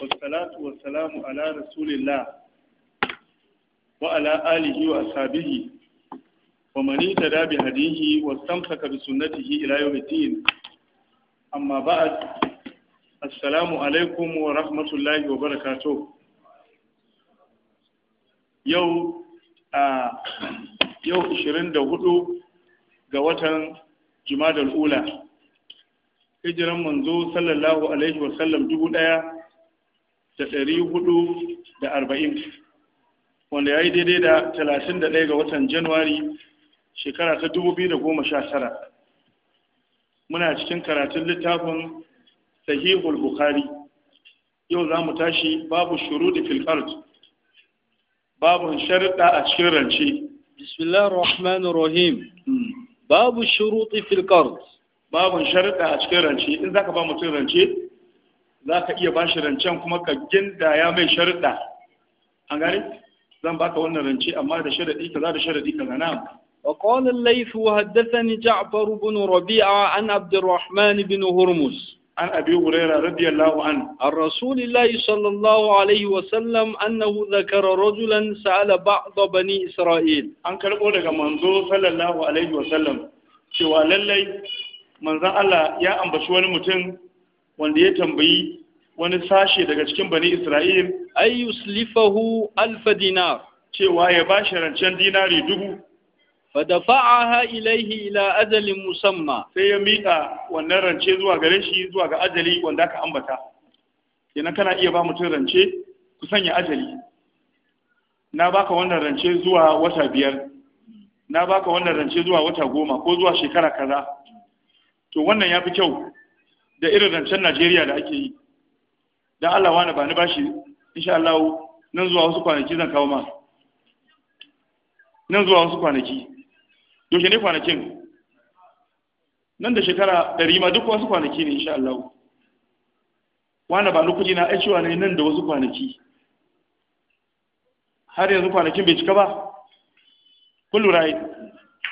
wasalatu wasalamu ala rasulillah wa ala alihi wa ashabihi wa man tada bi hadihi wastamsaka bi sunnatihi ila yawm al-din amma ba'd assalamu alaikum wa rahmatullahi wa barakato. yau a yau 24 ga watan jumadal ula hijiran manzo sallallahu alaihi wa sallam dubu daya da ɗari hudu da arba'in wanda ya yi daidai da talatin da ɗaya ga watan januwari shekara ta dubu biyu da goma sha tara muna cikin karatun littafin sahihul bukhari yau za mu tashi babu shuru da filkart babu sharuɗa a cikin rance bismillahir rahmanir rahim hmm. babu shuruɗi filkart babu sharuɗa a cikin rance in zaka ba mutum rance za ka iya ba shi rancen kuma ka gindaya mai sharuɗa an gane zan baka wannan rance amma da sharaɗi kaza da sharaɗi kaza na'am وقال الليث وحدثني جعفر بن ربيعة عن عبد الرحمن بن هرمز عن أبي هريرة رضي الله عنه عن رسول الله صلى الله عليه وسلم أنه ذكر رجلا سأل بعض بني إسرائيل عن كربو لك منظور صلى الله عليه وسلم شوى للي منظر الله يا أم بشوان متن wanda ya tambayi wani sashe daga cikin bani Isra'il ay yuslifahu alf dinar cewa ya bashi rancen dinari dubu fadafa'aha ilaihi ila ajalin musamma sai ya miƙa wannan rance zuwa gare shi zuwa ga ajali wanda aka ambata kenan kana iya ba mutum rance ku sanya ajali na baka wannan rance zuwa wata biyar na baka wannan rance zuwa wata goma ko zuwa shekara kaza to wannan ya fi kyau da irin rancen Najeriya da ake yi dan Allah wani ba ni bashi insha Allah nan zuwa wasu kwanaki zan kawo ma nan zuwa wasu kwanaki yaushe ne kwanakin nan da shekara ɗari ma duk wasu kwanaki ne insha Allah wani ba lokaci na ai cewa ne nan da wasu kwanaki har yanzu kwanakin bai cika ba kun Rai,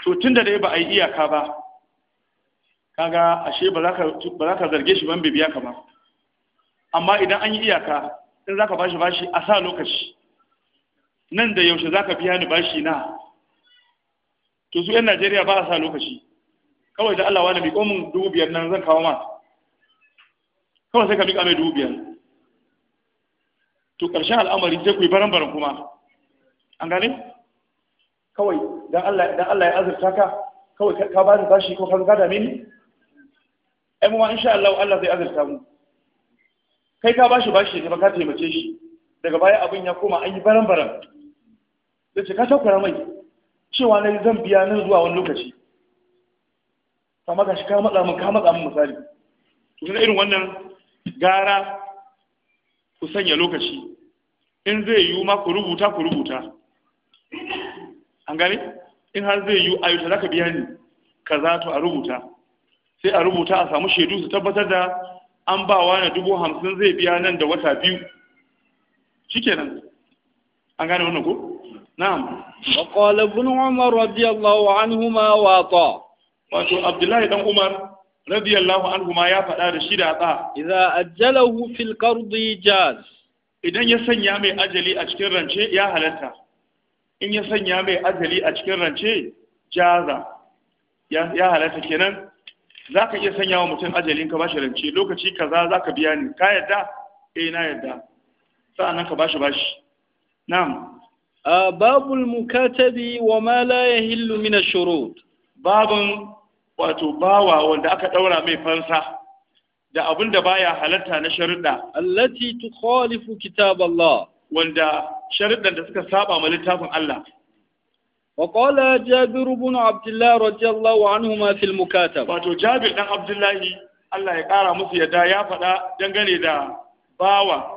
to tun da dai ba a yi iyaka ba kaga ashe ba za ka zarge shi ban bai biya ka ba amma idan an yi iyaka in za ka bashi bashi a sa lokaci nan da yaushe za ka biya ni bashi na to su 'yan najeriya ba a sa lokaci kawai da allah na miƙo min dubu biyar nan zan kawo ma kawai sai ka miƙa mai dubu biyar to ƙarshen al'amari sai ku yi baran-baran kuma an gane kawai don allah ya azurta ka kawai ka ba ni bashi ko ka gada mini? ai mu ma insha Allah Allah zai azurta mu kai ka bashi bashi ne ba ka taimake shi daga baya abin ya koma an yi baran baran da ce ka takura mai cewa na zan biya nan zuwa wani lokaci amma ga shi ka matsa mu ka matsa mu misali to na irin wannan gara ku sanya lokaci in zai yiwu ma ku rubuta ku rubuta an gane in har zai yiwu ayyuta za ka biya ni kaza to a rubuta sai a rubuta a samu shaidu su tabbatar da an ba wa na dubu hamsin zai biya nan da wata biyu shikenan an gane wannan ko na'am wa qala ibn umar radiyallahu anhuma wa ta wato abdullahi dan umar radiyallahu anhuma ya faɗa da shi da ta idza ajjalahu fil qardi jaz idan ya sanya mai ajali a cikin rance ya halatta in ya sanya mai ajali a cikin rance jaza ya halatta kenan za ka iya sanya wa mutum ajalin ka bashi rance lokaci kaza za ka biya ni ka yadda eh na yadda sa'annan ka bashi bashi na'am babul mukatabi wa ma la yahillu min ash-shurut babun wato bawa wanda aka daura mai fansa da abin da baya halatta na sharuɗa allati tukhalifu kitab Allah wanda sharuɗan da suka saba ma littafin Allah وقال جابر بن عبد الله رضي الله عنهما في المكاتبة واتو جابر بن عبد الله الله يقارى مسي يدا يا فدا دنگane da bawa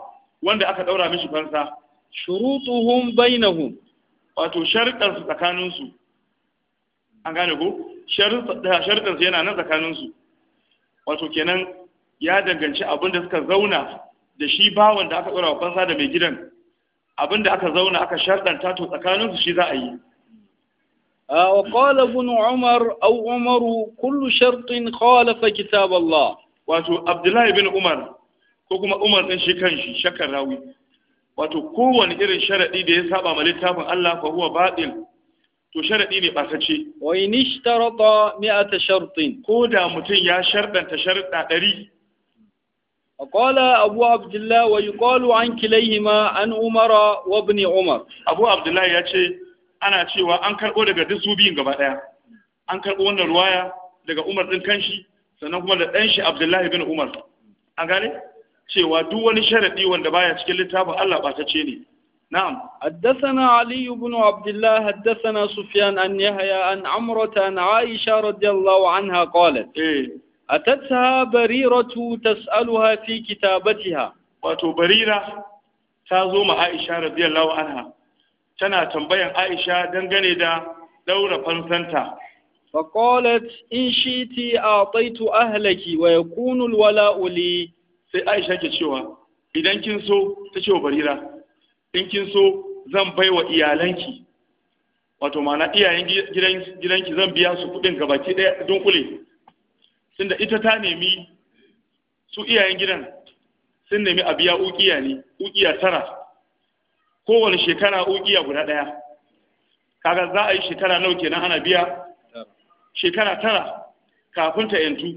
wanda aka daura mishi fansa shurutuhum bainahum wato sharuɗan su tsakanin su an gane ko sharuɗan su yana nan tsakanin su wato kenan ya danganci abin da suka zauna da shi bawan da aka daura fansa da mai gidan abin da aka zauna aka sharɗanta to tsakanin su shi za a yi آه، وقال ابن عمر او عمر كل شرط خالف كتاب الله واتو عبد الله بن عمر كوكما عمر دين شي كانشي شكر راوي واتو كوان irin sharadi da ya saba ma littafin Allah fa huwa batil to sharadi ne ba ta ce wa in ishtarata 100 shart ko da mutun ya shardanta sharda 100 وقال أبو عبد الله ويقال عن كليهما عن عمر وابن عمر أبو عبد الله يقول ana cewa an karɓo daga duk su biyun gaba ɗaya an karɓo wannan ruwaya daga umar ɗin kanshi sannan kuma da ɗan shi abdullahi bin umar an gane cewa duk wani sharaɗi wanda baya cikin littafin allah ce ne نعم حدثنا علي بن عبد الله حدثنا سفيان أن يحيى عن عمرة عن عائشة Anha الله عنها قالت إيه؟ أتتها بريرة تسألها في كتابتها ta بريرة تازوم عائشة رضي الله tana tambayan Aisha dangane da daura fansanta in a Taitu شئتي أعطيت أهلك ويكون wala uli. sai Aisha ke cewa idan kin so ta ce wa Barira in kin so zan bai wa iyalanki wato mana iyayen gidanki zan biya su ga gabaki ɗaya dunkule tunda ita ta nemi su iyayen gidan sun nemi a biya ukiya ne ukiya tara kowane shekara ukiya guda ɗaya kaga za a yi shekara nawa kenan ana biya shekara tara kafin ta yantu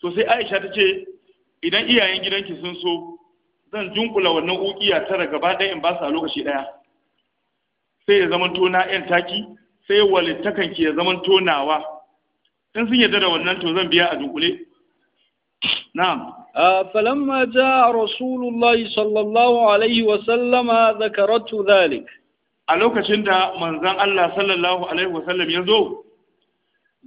to sai aisha ta ce idan iyayen gidanki sun so zan jinkula wannan ukiya tara gaba ɗaya in ba su a lokaci ɗaya sai ya zama tona yan taki sai walittakanki ya zama tonawa in sun yarda da wannan to zan biya a dunkule na'am فلما جاء رسول الله صلى الله عليه وسلم ذكرته ذلك a lokacin da manzan Allah sallallahu alaihi wasallam ya zo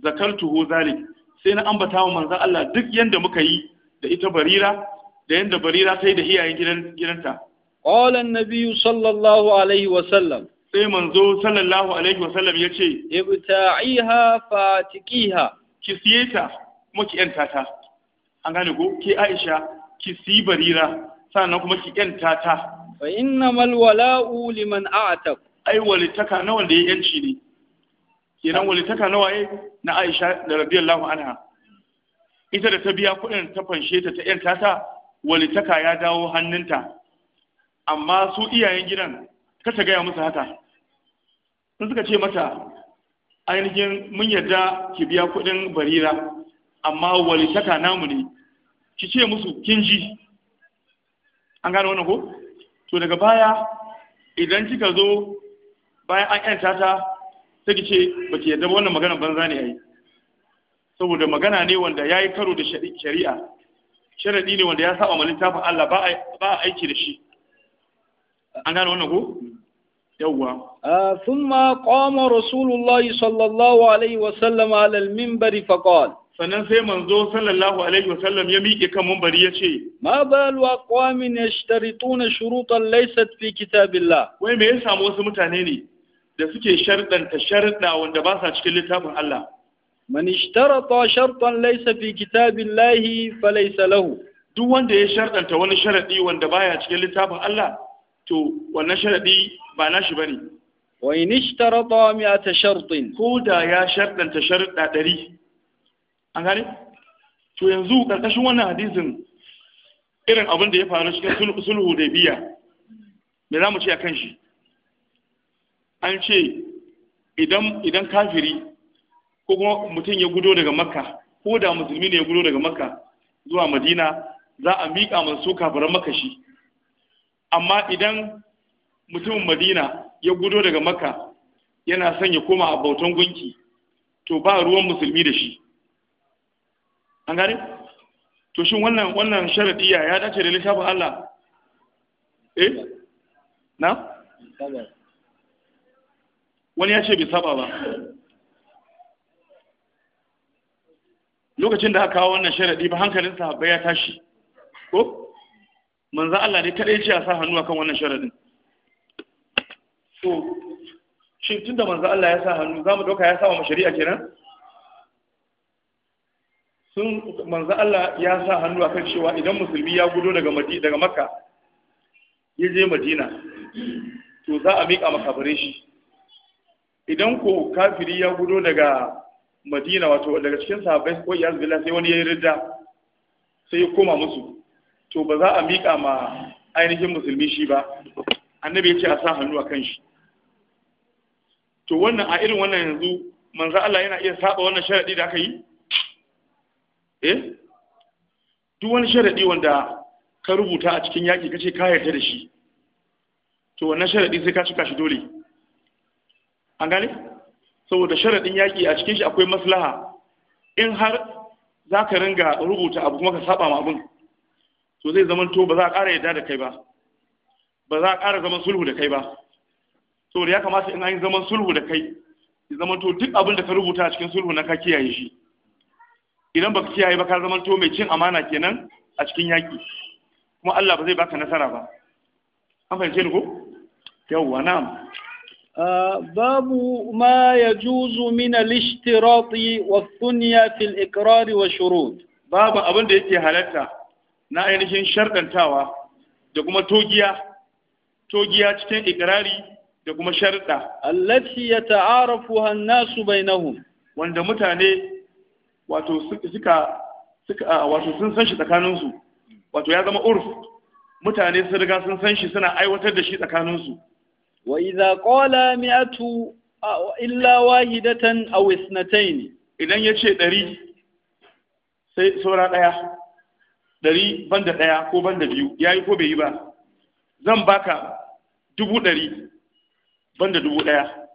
zakartuhu zalik sai na ambata wa manzan Allah duk yanda muka yi da ita barira da yanda barira sai da iyayen gidanta qala an-nabiy sallallahu alaihi wasallam sai manzo sallallahu alaihi wasallam ya ce ibta'iha fatiqiha ki siye ta kuma ki yanta ta an gane ko ke Aisha ki si barira sannan kuma ki yanta ta fa innamal wala'u liman a'taq ai walitaka na wanda ya yanci ne kenan walitaka nawa waye na Aisha da radiyallahu anha ita da ta biya kuɗin ta fanshe ta ta yanta ta walitaka ya dawo hannunta amma su iyayen gidan ka ta gaya musu haka sun suka ce mata ainihin mun yarda ki biya kuɗin barira amma walitaka namu ne ki ce musu kin ji an gano wannan ko to daga baya idan kika zo bayan an yanta ta sai ki ce ba ki yadda wannan magana banza ne yi. saboda magana ne wanda yayi karo da shari'a sharadi ne wanda ya saba ma littafin Allah ba a aiki da shi an gano wannan ko yawwa ثم قام رسول sallallahu صلى wa sallam وسلم على المنبر فقال sannan sai manzo sallallahu alaihi wasallam ya miƙe kan mumbari ya ce ma ya aqwamin yashtarituna shurutan laysat fi kitabillah wai me ya samu wasu mutane ne da suke sharɗanta sharɗa wanda ba sa cikin littafin Allah man ishtarata shartan laysa fi kitabillahi falaysa lahu duk wanda ya sharɗanta wani sharadi wanda baya cikin littafin Allah to wannan sharadi ba nashi bane wa in ishtarata mi'ata shartin ko da ya sharɗanta sharɗa ɗari an gane to yanzu karkashin wannan hadisin irin abin da ya faru cikin sulhu da biya me za mu ce a kan shi an ce idan kafiri ko kuma mutum ya gudo daga makka ko da musulmi ne ya gudo daga makka zuwa madina za a miƙa masu kafiran makashi amma idan mutumin madina ya gudo daga makka yana son ya koma a bautan gunki to ba ruwan musulmi da shi an gari? to shin wannan wannan sharadiya ya dace da littafin Allah eh na wani ya ce bai saba ba lokacin da aka kawo wannan sharadi ba hankalin sahabbai ya tashi ko manzo Allah ne kadai ce a sa hannu akan wannan sharadin so shin tunda manzo Allah ya sa hannu zamu doka ya sa wa shari'a kenan sun manzo Allah ya sa hannu akan cewa idan musulmi ya gudo daga Madina daga Makka ya je Madina to za a miƙa makabare shi idan ko kafiri ya gudo daga Madina wato daga cikin sahabbai ko ya zubilla sai wani ya yi ridda sai ya koma musu to ba za a miƙa ma ainihin musulmi shi ba annabi ya ce a sa hannu akan shi to wannan a irin wannan yanzu manzo Allah yana iya saba wannan sharadi da aka yi eh duk wani sharadi wanda ka rubuta a cikin yaƙi kace ka yarda da shi to wannan sharadi sai ka cika shi dole an gane saboda sharadin yaƙi a cikin shi akwai maslaha in har za ka ringa rubuta abu kuma ka saba ma abin to zai zama to ba za a ƙara yarda da kai ba ba za a ƙara zaman sulhu da kai ba saboda ya kamata in an yi zaman sulhu da kai ya zama to duk abin da ka rubuta a cikin sulhu na ka kiyaye shi idan baka kiyaye ba ka zama to mai cin amana kenan a cikin yaki kuma Allah ba zai baka nasara ba an fahimce ni ko yawwa na'am al ما wa thunya fi al-iqrar wa والشروط babu abin da yake halatta na ainihin Shardantawa da kuma togiya togiya cikin ikrari da kuma sharɗa allati yata'arafu an-nasu bainahum wanda mutane wato suka suka wato sun san shi tsakanin su wato ya zama urf mutane sun riga sun san shi suna aiwatar da shi tsakanin su wa idza qala mi'atu illa wahidatan aw isnatayn idan yace 100 sai saura daya ɗari ban da ɗaya ko ban da biyu ya yi ko bai yi ba zan baka dubu ɗari ban da dubu ɗaya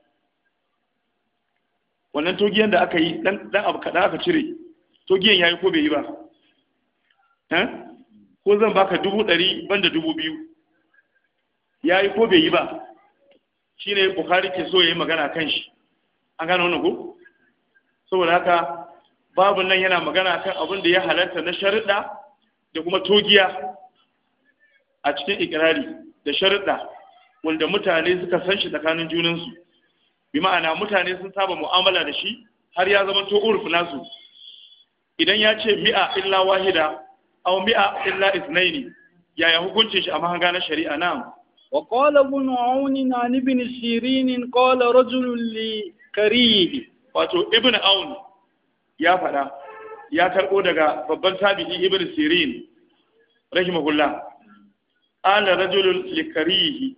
wannan togiyan da aka yi dan abu kaɗan aka cire togiyan ya yi ko bai yi ba eh? ko zan baka dubu ɗari ban da dubu biyu ya yi ko bai yi ba shi ne bukari ke so ya yi magana kan shi an gano wani ko saboda haka babu nan yana magana kan abin da ya halarta na sharuɗa da kuma togiya a cikin ikirari da sharuɗa wanda mutane suka san shi tsakanin junansu bi ma'ana mutane sun saba mu'amala da shi har ya zama to urf nasu idan ya ce mi'a illa wahida aw mi'a illa isnaini ya hukuncin shi a mahanga na shari'a qala وقال ابن na ibn sirin qala rajul li لكريه wato ibn aun ya faɗa ya karɓo daga babban tabi'i ibn sirin rahimahullah rajul li likarihi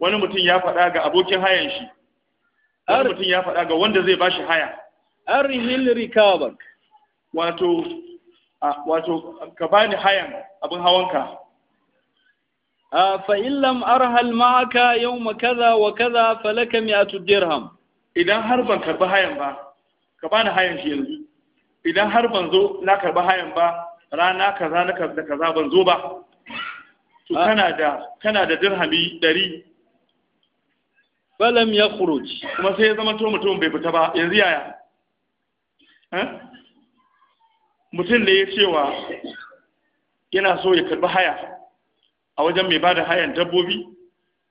wani mutum ya faɗa ga abokin hayan shi Wani mutum ya faɗa ga wanda zai bashi haya Hillary rikabak wato wato ka bani hayan abin hawanka A in lam arhal ma'aka ma kaza wa kaza falaka mi'atu dirham idan har ban karɓi hayan ba ka bani hayan shi yanzu idan har ban zo na karɓi hayan ba rana kaza na kaza ban zo ba tu kana da kana da dirhami ɗari falam ya khuruj kuma sai ya zama to mutum bai fita ba yanzu yaya eh? mutum ne ya cewa yana so ya karbi haya a wajen mai bada hayan dabbobi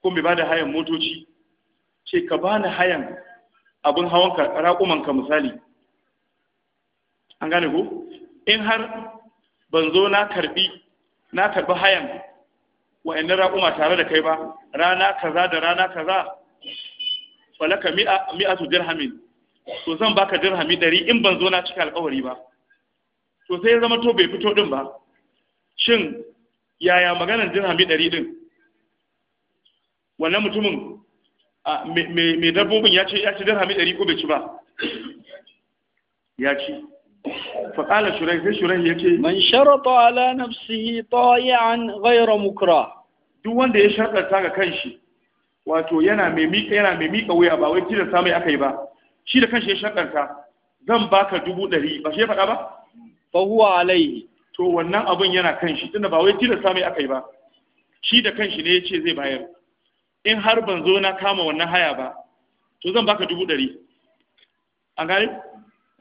ko mai bada hayan motoci ce ka bani hayan abin hawan ka raƙuman ka misali an gane ko in har ban zo na karbi na karbi hayan wa'annan raƙuma tare da kai ba rana kaza da rana kaza falaka mi'atu dirhamin to zan baka dirhami dari in ban zo na cika alƙawari ba to sai ya zama to bai fito din ba shin yaya maganar dirhami dari din wannan mutumin mai dabbobin ya ce ya ci dirhami ɗari ko bai ci ba ya ci faƙala shurai sai shurai ya ce man sharata ala nafsihi ta'i'an ghayra mukra duk wanda ya sharɗarta ga kanshi wato yana mai miƙa yana mai miƙa wuya ba wai tilasta mai aka yi ba shi da kanshi ya shakanta zan baka dubu ɗari ba shi ya faɗa ba fa huwa alaihi to wannan abun yana kanshi tunda ba wai tilasta mai aka yi ba shi da kanshi ne ya ce zai bayar in har ban zo na kama wannan haya ba to zan baka dubu ɗari an gane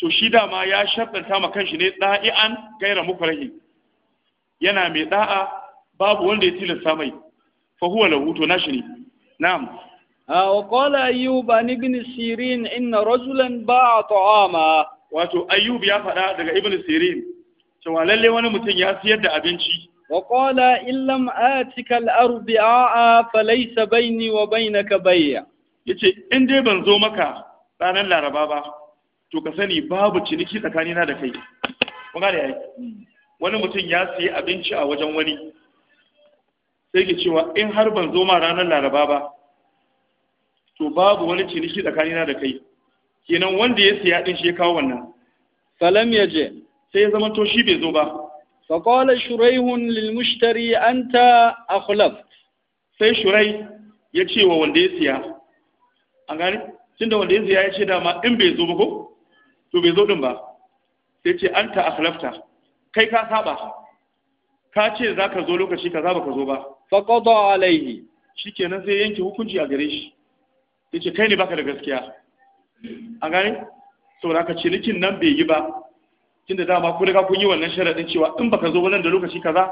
to shi dama ya shaddanta ma kanshi ne ɗa'i'an gaira mukarahi yana mai ɗa'a babu wanda ya tilasta mai fa huwa lahu to nashi ne نعم وقال أيوب عن ابن سيرين إن رجلا باع طعاما واتو أيوب يا فدا daga ابن سيرين cewa lalle wani mutum ya siyar da abinci وقال إن لم آتك الأربعاء فليس بيني وبينك بيع yace in dai ban zo maka ranar laraba ba to ka sani babu ciniki tsakanina da kai hmm. wani mutum ya siya abinci a wajen wani sai ke cewa in har ban zo ma ranar laraba ba to babu wani ciniki tsakanina da kai kenan wanda ya siya din shi ya kawo wannan falam ya je sai ya zama to shi bai zo ba faƙola shuraihun lilmushtari an ta akhlaf sai shurai ya ce wa wanda ya siya an gani tunda wanda ya siya ya ce dama in bai zo ba ko to bai zo din ba sai ce an ta akhlafta kai ka saba ka ce za ka zo lokaci ka za ba ka zo ba فقضى عليه شكينا زي ينكي هكونجي أغريش تيجي كيني باكا لغسكيا أغاني سورا كتشي لكي نبي يبا كنت دا ما كوريكا كوني ونشارة تنشي وإن باكا زوغو نندلوكا شي كذا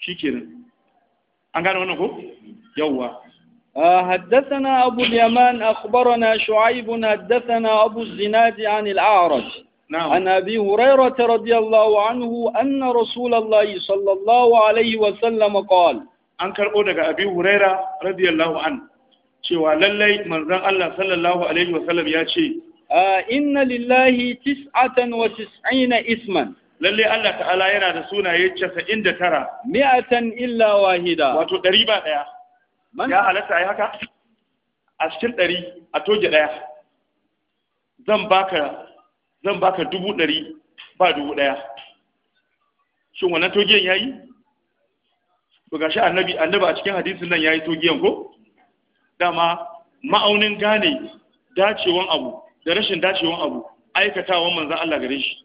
شكينا أغاني ونهو يوا آه، حدثنا أبو اليمان أخبرنا شعيب حدثنا أبو الزناد عن الأعرج نعم. عن أبي هريرة رضي الله عنه أن رسول الله صلى الله عليه وسلم قال an karɓo daga abi huraira radiyallahu an cewa lallai manzon Allah sallallahu alaihi wasallam ya ce inna lillahi tis'atan wa tis'ina isman Lallai Allah ta'ala yana da sunaye 99 mi'atan illa wahida wato 100 ba daya ya halatta ai haka a cikin 100 a toge daya zan baka zan baka dubu ɗari ba dubu ɗaya shin wannan togen yayi to gashi annabi annabi a cikin hadisin nan yayi togiyan ko dama ma'aunin gane dacewan abu da rashin dacewan abu aikatawan manzon Allah gare shi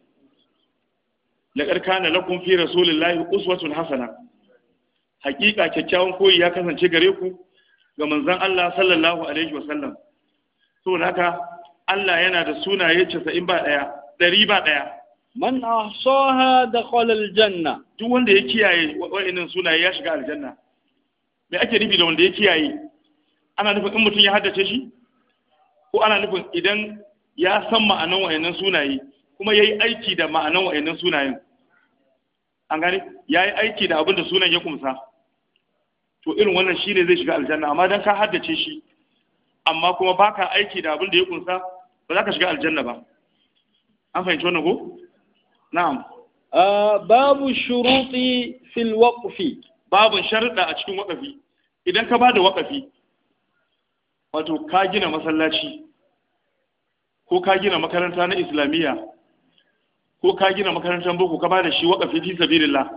la karkana lakum fi rasulillahi uswatun hasana hakika kyakkyawan koyi ya kasance gare ku ga manzon Allah sallallahu alaihi wasallam to haka Allah yana da sunaye 90 ba daya 100 ba daya man ahsaha dakhala aljanna duk wanda ya kiyaye wa'annan sunaye ya shiga aljanna me ake nufi da wanda ya kiyaye ana nufin in mutum ya haddace shi ko ana nufin idan ya san ma'anan wa'annan sunaye kuma yayi aiki da ma'anan wa'annan sunayen an gane yayi aiki da abin da sunan ya kumsa to irin wannan shine zai shiga aljanna amma dan ka haddace shi amma kuma baka aiki da abin da ya kumsa ba za ka shiga aljanna ba an fahimci wannan ko na'am babu shuruti fil waqfi babu sharuɗa a cikin waƙafi idan ka bada waƙafi wato ka gina masallaci ko ka gina makaranta na islamiyya ko ka gina makarantar boko ka bada shi waƙafi fi sabilillah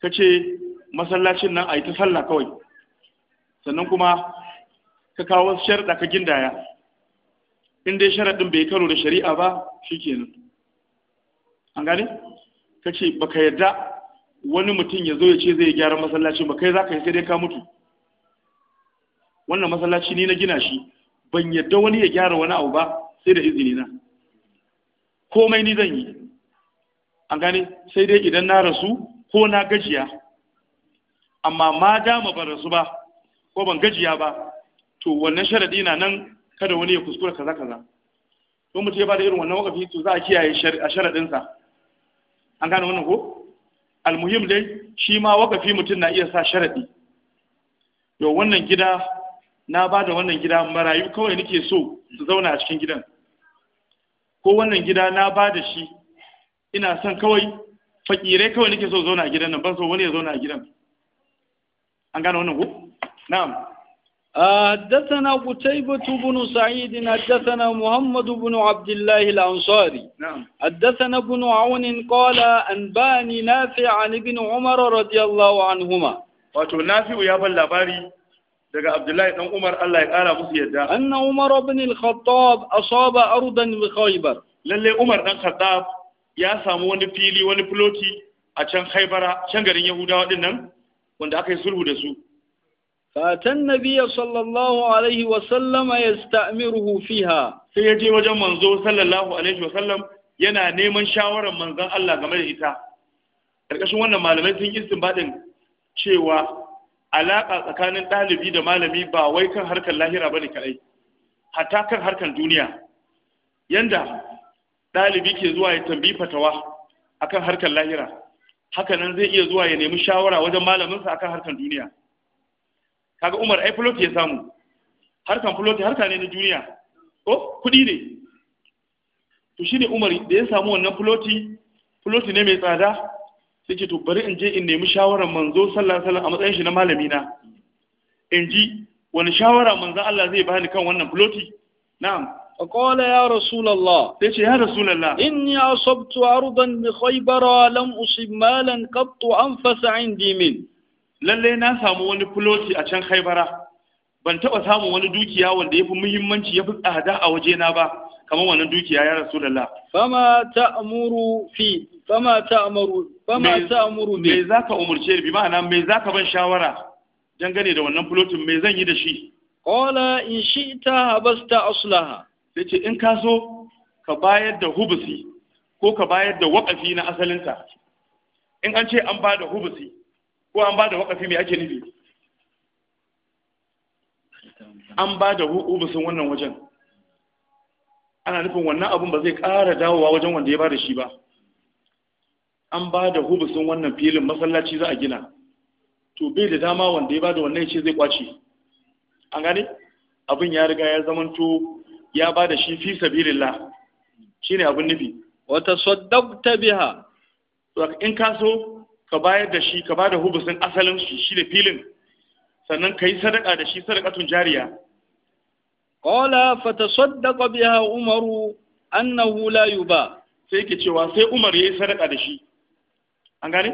ka ce masallacin nan a yi ta sallah kawai sannan kuma ka kawo sharuɗa ka gindaya in dai ɗin bai karo da shari'a ba shikenan an gane ka ce baka yadda wani mutum ya zo ya ce zai gyara masallacin ba kai za ka yi sai dai ka mutu wannan masallaci ni na gina shi ban yadda wani ya gyara wani abu ba sai da izini na komai ni zan yi an gane sai dai idan na rasu ko na gajiya amma ma dama ban rasu ba ko ban gajiya ba to wannan sharadi na nan kada wani ya kuskura kaza kaza don mutum ya bada irin wannan wakafi to za a kiyaye a sharadinsa an gane wannan ko almuhim dai shi ma wakafi mutum na iya sa sharadi yau wannan gida na ba da wannan gida marayu kawai nake so su zauna a cikin gidan ko wannan gida na ba da shi ina son kawai fakirai kawai nake so zauna a gidan nan ban so wani ya zauna a gidan an gane wannan ko na'am حدثنا قتيبة بن سعيد حدثنا محمد بن عبد الله الأنصاري نعم حدثنا ابن عون قال أنباني نافع عن ابن عمر رضي الله عنهما wato nafi'u ya ban labari daga Abdullahi dan Umar Allah ya kara musu yadda anna Umar ibn al-Khattab asaba ardan bi Khaybar lalle Umar dan Khattab ya samu wani fili wani floti a can Khaybara can garin Yahudawa din wanda aka yi sulhu da su فأتى النبي صلى الله ya وسلم fiha sai سيجي wajen منزو Sallallahu alaihi wa sallam yana neman shawarar manzon Allah game da ita karkashin wannan malamai sun yi istinbadin cewa alaka tsakanin ɗalibi da malami ba wai kan harkar lahira bane kadai hatta kan harkar duniya yanda ɗalibi ke zuwa ya tambayi fatawa akan harkar lahira hakanan zai iya zuwa ya nemi shawara wajen malaminsa akan harkar duniya kaga Umar ai fulot ya samu harkan fulot harka ne na duniya ko oh, kuɗi ne to shine Umar da ya samu wannan fuloti fuloti ne mai tsada sai ce to bari in je in nemi shawaran manzo sallallahu alaihi wasallam a matsayin shi na malami na in ji wani shawara manzo Allah zai bani kan wannan fuloti na'am فقال يا رسول الله ليش يا رسول الله إني أصبت أرضا بخيبر لم أصب مالا قط أنفس عندي منه lallai na samu wani fuloti a can haibara ban taɓa samun wani dukiya wanda ya fi muhimmanci ya fi tsada a wajena ba kamar wannan dukiya ya rasu lalla. Fama ta amuru fi, fama ta amuru, fama ta Me za ka bi ma'ana me za ban shawara dangane da wannan fulotin me zan yi da shi? Kola in shi ta habasta aslaha. Sai ce in ka so ka bayar da hubusi ko ka bayar da waƙafi na asalinta. In an ce an ba da hubusi, ko an ba da wakafi mai ake nufi an ba da hukubusin wannan wajen ana nufin wannan abun ba zai ƙara dawowa wajen wanda ya ba da shi ba an ba da hukubusin wannan filin masallaci za a gina to bai da dama wanda ya ba da wannan ce zai kwace an gane abin ya riga ya zamanto ya ba da shi fi Shi shine abin nufi wata saddabta biha in ka so ka bayar da shi ka bada hubusin asalin shi shi da filin sannan ka yi sadaka da shi sadakatun jariya qala fatasaddaqa biha umaru annahu la yuba sai ke cewa sai umar yayi sadaka da shi an gane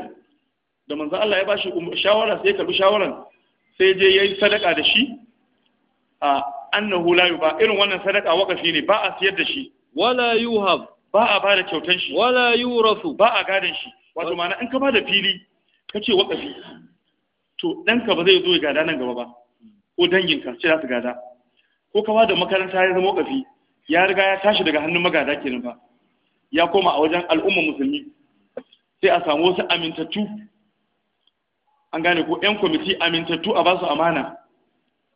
da manzo Allah ya bashi um-, shawara sai bi shawaran sai je yayi sadaka da shi a annahu la yuba irin wannan sadaka wakafi ne ba a siyar da shi wala yuhab ba a bada kyautan shi wala yurasu ba a gadan shi wato ma'ana in ka ba da fili ka ce waƙafi to ɗanka ba zai zo ya gada nan gaba ba ko danginka ce za su gada ko ka da makaranta ya zama waƙafi ya riga ya tashi daga hannun magada kenan ba ya koma a wajen al'umma musulmi sai a samu wasu amintattu an gane ko 'yan kwamiti amintattu a basu amana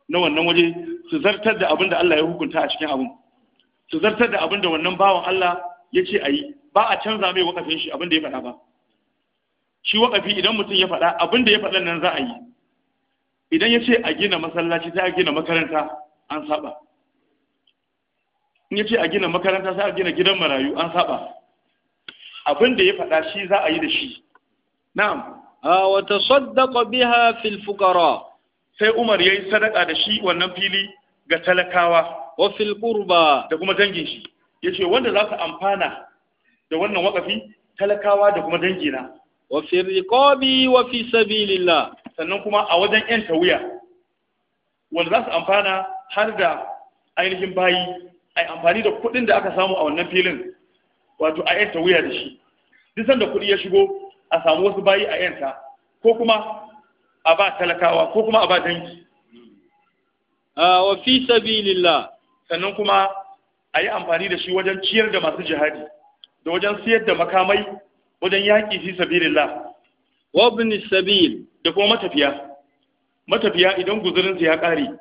na wannan waje su zartar da abin da Allah ya hukunta a cikin abin su zartar da abin da wannan bawan Allah ya ce a yi ba a canza mai wakafin shi abin da ya faɗa ba shi waƙafi idan mutum ya faɗa abin da ya faɗa nan za a yi idan ya ce a gina masallaci sai a gina makaranta an saba in ya ce a gina makaranta sai a gina gidan marayu an saba abin da ya faɗa shi za a yi da shi na'am A wata saddaka biha fil fuqara sai Umar yayi sadaka da shi wannan fili ga talakawa wa fil qurba da kuma dangin shi yace wanda za su amfana da wannan wakafi, talakawa da kuma dangina wa fi riqabi wa fi sabilillah sannan kuma a wajen yan tawiya wanda za su amfana har da ainihin bayi ai amfani da kuɗin da aka samu a wannan filin wato a yan tawiya da shi duk sanda kuɗi ya shigo a samu wasu bayi a yanta ko kuma a ba talakawa ko kuma a ba dangi wa fi sabilillah sannan kuma a yi amfani da shi wajen ciyar da masu jihadi da wajen siyar da makamai wajen yaƙi fi sabilillah wa ibn sabil da kuma matafiya matafiya idan guzurin ya ƙare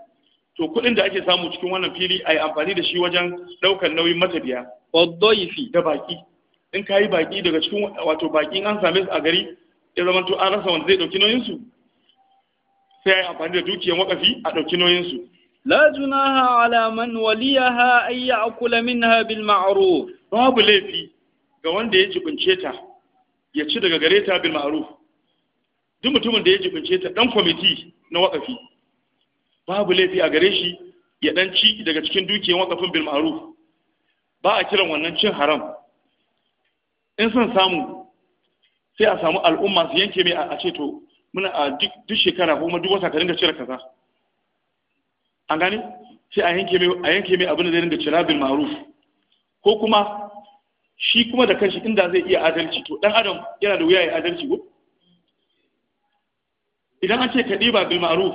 to kuɗin da ake samu cikin wannan fili ai amfani da shi wajen daukar nauyin matafiya wa dhaifi da baki in kai baki daga cikin wato baki an same su a gari ya zama to an rasa wanda zai ɗauki nauyin su sai ai amfani da dukiyar wakafi a ɗauki nauyin su junaha ala man waliyaha ay ya'kula minha bil ma'ruf babu laifi ga wanda ya jibince ta ya ci daga gare ta bil ma'ruf duk mutumin da ya jibince ta dan kwamiti na wakafi babu laifi a gare shi ya dan ci daga cikin dukiyar wakafin bil ma'ruf ba a kiran wannan cin haram in san samu sai a samu al'umma su yanke mai a ce to muna a duk shekara ko duk wata ka dinga cire kaza an gane sai a yanke mai abin da zai dinga cira bil ma'ruf ko kuma shi kuma da kanshi inda zai iya adalci to dan adam yana da wuya ya adalci ko idan an ce ba bil ma'ruf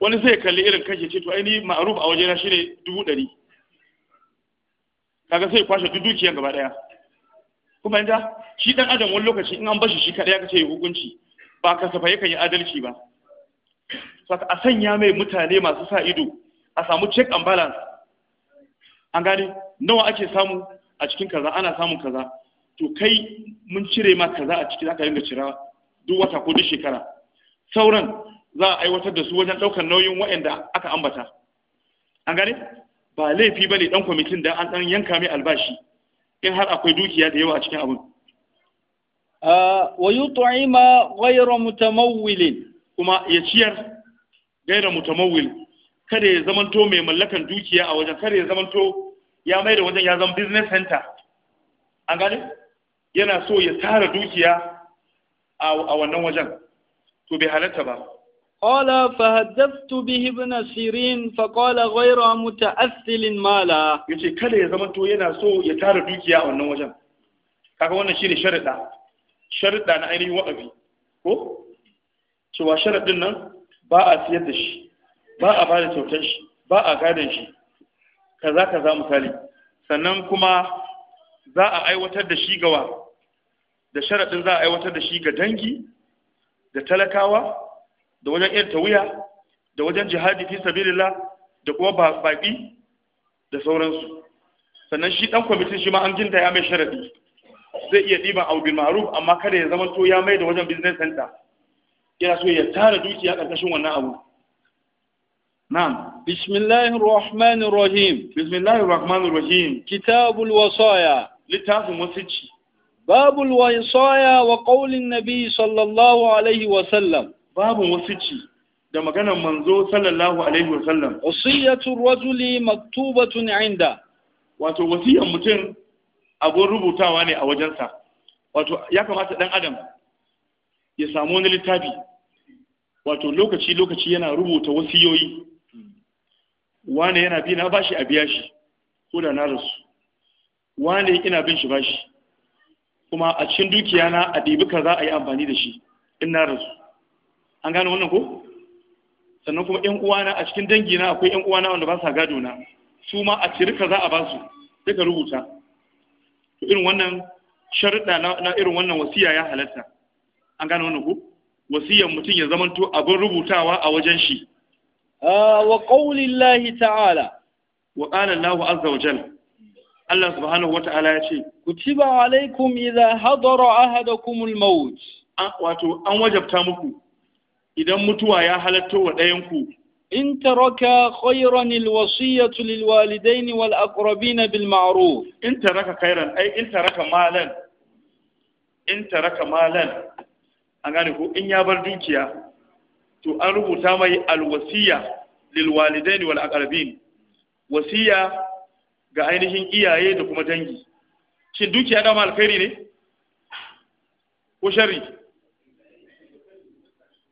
wani zai kalli irin kanshi ce to ainihin ma'ruf a wajena shine dubu ɗari kaga sai kwashe dukiyan gaba daya kuma inda shi dan adam wani lokaci in an bashi shi kadai ya ce hukunci ba kasafa yakan yi adalci ba saka a sanya mai mutane masu sa ido a samu check and balance an gane nawa ake samu a cikin kaza ana samun kaza to kai mun cire ma kaza a ciki zaka dinga cira duk wata ko duk shekara sauran za a aiwatar da su wajen ɗaukar nauyin waɗanda aka ambata an gane ba laifi bane dan kwamitin da an dan yanka mai albashi in har akwai dukiya da yawa a cikin abin wa yut'ima ghayra mutamawwil kuma ya ciyar ghayra mutamawwil kada ya zamanto mai mallakan dukiya a wajen kada ya zamanto ya mai da wajen ya zama business center an gane yana so ya tara dukiya a wannan wajen to bai halatta ba Ola, قال فهدفت به ابن سيرين فقال غير متأثل مالا yace kada ya zama to yana so ya tara dukiya a wannan wajen kaga wannan shine sharuda sharuda na ainihin wa'abi ko cewa sharadin nan ba a siyar da shi ba a bada kyautar shi ba a gadan shi kaza kaza misali sannan kuma za a aiwatar da shi gawa da sharaɗin za a aiwatar da shi ga dangi da talakawa da wajen yin tawiya da wajen jihadi fi sabilillah da kuma baƙi da sauransu sannan shi ɗan kwamitin shi ma an jinta ya mai sharaɗi zai iya ɗiban abu bil ma'ruf amma kada ya zama to ya mai da wajen business center yana so ya tara dukiya ƙarƙashin wannan abu نعم بسم الله الرحمن الرحيم بسم الله الرحمن الرحيم كتاب الوصايا لتعرف وصيتي باب الوصايا وقول النبي صلى الله عليه وسلم باب وصيتي da maganar manzo sallallahu alaihi wasallam wasiyatul rajuli maktubatun inda wato wasiyar mutum abun rubutawa ne a wajensa wato ya kamata dan adam ya samu wani littafi wato lokaci lokaci yana rubuta wasiyoyi wane yana bi na bashi a biya shi ko da na rasu wane ina bin shi bashi kuma a cikin dukiya na a ɗibi za a yi amfani da shi in na rasu an gane wannan ko sannan kuma ƴan uwana a cikin dangi na akwai ƴan uwana wanda ba sa gado na su ma a ciri za a ba sai ka rubuta to irin wannan sharuɗa na irin wannan wasiya ya halatta an gane wannan ko wasiyan mutum ya zamanto abin rubutawa a wajen shi wa qaulillahi ta'ala wa qala Allahu azza wa jalla Allah subhanahu wa ta'ala ya ce kutiba alaikum idza hadara ahadakumul maut wato an wajabta muku idan mutuwa ya halatto wa ɗayanku. ku in taraka khayran alwasiyatu lilwalidaini wal aqrabina bil ma'ruf in taraka khayran ai in taraka malan in taraka malan an gane ko in ya bar dukiya to an rubuta mai alwasiya lil walidaini wal aqrabin wasiya ga ainihin iyaye da kuma dangi shin dukiya da alkhairi ne ko sharri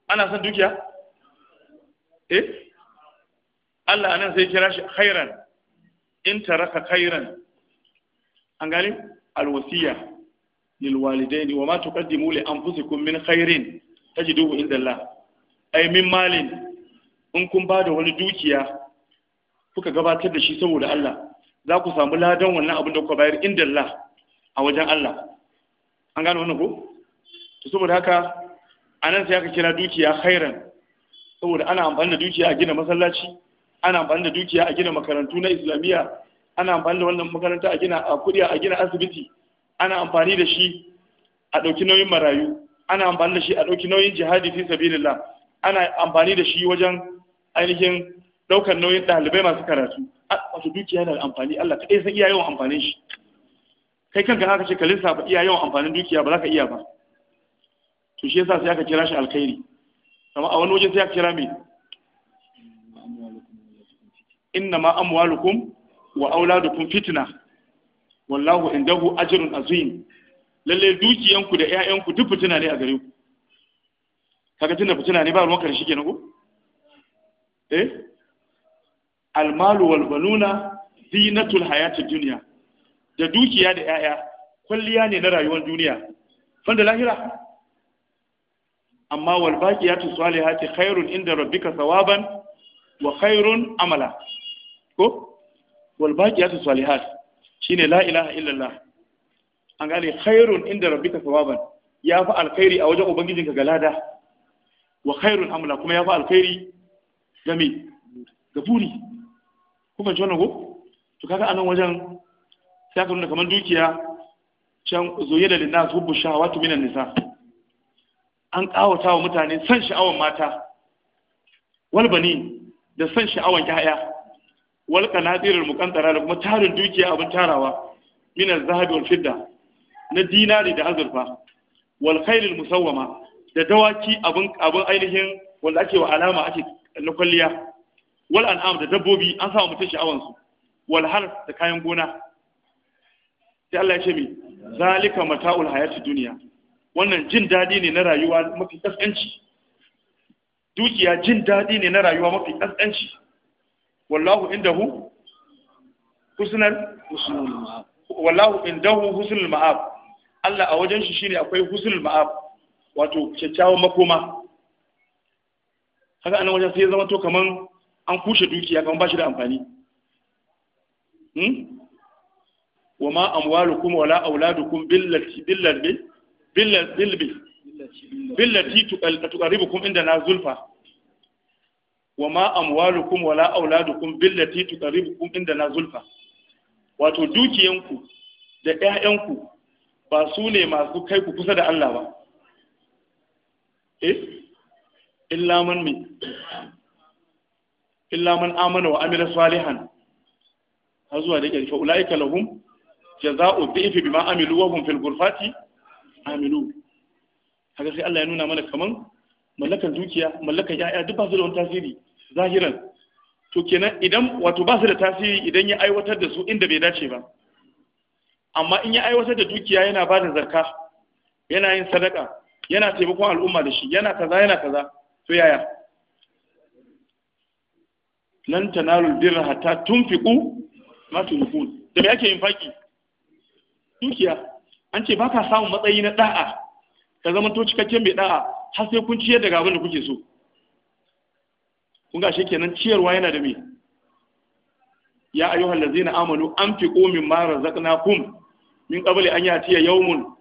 ana son dukiya eh Allah anan sai kira shi khairan in taraka khairan an gani? alwasiya lil walidaini wa ma tuqaddimu li anfusikum min khairin tajiduhu inda Allah ai min malin in kun ba da wani dukiya kuka gabatar da shi saboda Allah za ku samu ladan wannan abin da kuka bayar inda Allah a wajen Allah an gano wannan ko to saboda haka anan sai aka kira dukiya khairan saboda ana amfani da dukiya a gina masallaci ana amfani da dukiya a gina makarantu na islamiyya ana amfani da wannan makaranta a gina a kudi a gina asibiti ana amfani da shi a ɗauki nauyin marayu ana amfani da shi a ɗauki nauyin jihadi fi sabilillah ana amfani da shi wajen ainihin ɗaukar nauyin ɗalibai masu karatu wato dukiya yana da amfani Allah kaɗai san iya yawan amfanin shi kai kanka haka ce ka lissafa iya yawan amfanin dukiya ba za ka iya ba to shi yasa sai aka kira shi alkhairi amma a wani waje sai aka kira me inna ma amwalukum wa auladukum fitna wallahu indahu ajrun azim lalle dukiyanku da ƴaƴanku duk fitina ne a gare ku kaga tunda fitina ne ba ruwan karshe kenan ko eh almalu wal banuna zinatul hayati dunya da dukiya da yaya kulliya ne na rayuwar duniya banda lahira amma wal baqiyatu salihati khairun inda rabbika thawaban wa khairun amala ko wal baqiyatu salihat shine la ilaha illallah an gane khairun inda rabbika thawaban ya fa alkhairi a wajen ubangijinka galada wa khairul amla kuma ya fi alkhairi ga me ga buri kuma jona go to kaga anan wajen sai ka nuna kamar dukiya can zoye da linnas hubbu shahawatu minan nisa an kawata wa mutane san sha'awan mata wal bani da san sha'awan 'ya'ya. wal qanatirul muqantara da kuma tarin dukiya abin tarawa minan zahabi wal fidda na dinari da azurfa wal khairul musawwama da dawaki abin abin ainihin wanda ake wa alama ake na kwalliya wal an'am da dabbobi an samu mutum sha'awan su wal har da kayan gona sai Allah ya ce mi zalika mata'ul hayati duniya wannan jin dadi ne na rayuwa mafi kaskanci dukiya jin dadi ne na rayuwa mafi kaskanci wallahu indahu husnal wallahu indahu husnul ma'ab Allah a wajen shi shine akwai husnul ma'ab wato kyakkyawan makoma haka anan wajen sai ya zama to kaman an kushe dukiya kaman ba shi da amfani hmm? wa ma amwalukum wala auladukum billati billati billati billati billati tuqarribukum indana zulfa wa ma amwalukum wala auladukum billati tuqarribukum indana zulfa wato dukiyanku da ƴaƴanku ba su ne masu kai ku kusa da Allah ba eh illa man mi illa man amana wa amila salihan har zuwa da ƙarshe ulaika lahum jaza'u dhifi bima amilu wa hum fil ghurfati amilu haka sai Allah ya nuna mana kaman mallakan dukiya mallakan ya'ya duk ba su da wani tasiri zahiran to kenan idan wato ba su da tasiri idan ya aiwatar da su inda bai dace ba amma in ya aiwatar da dukiya yana ba da zarka yana yin sadaka yana taimakon al'umma da shi yana kaza yana kaza to yaya lan tanalul birra hatta tunfiqu ma tunfiqun da me yake infaki dukiya an ce baka samun matsayi na ɗa'a. ka zama to cikakken mai da'a har sai kun ciyar daga abin da kuke so kun ga kenan ciyarwa yana da mai. ya ayyuhal ladzina amanu anfiqu mimma razaqnakum min qabli an yatiya yawmun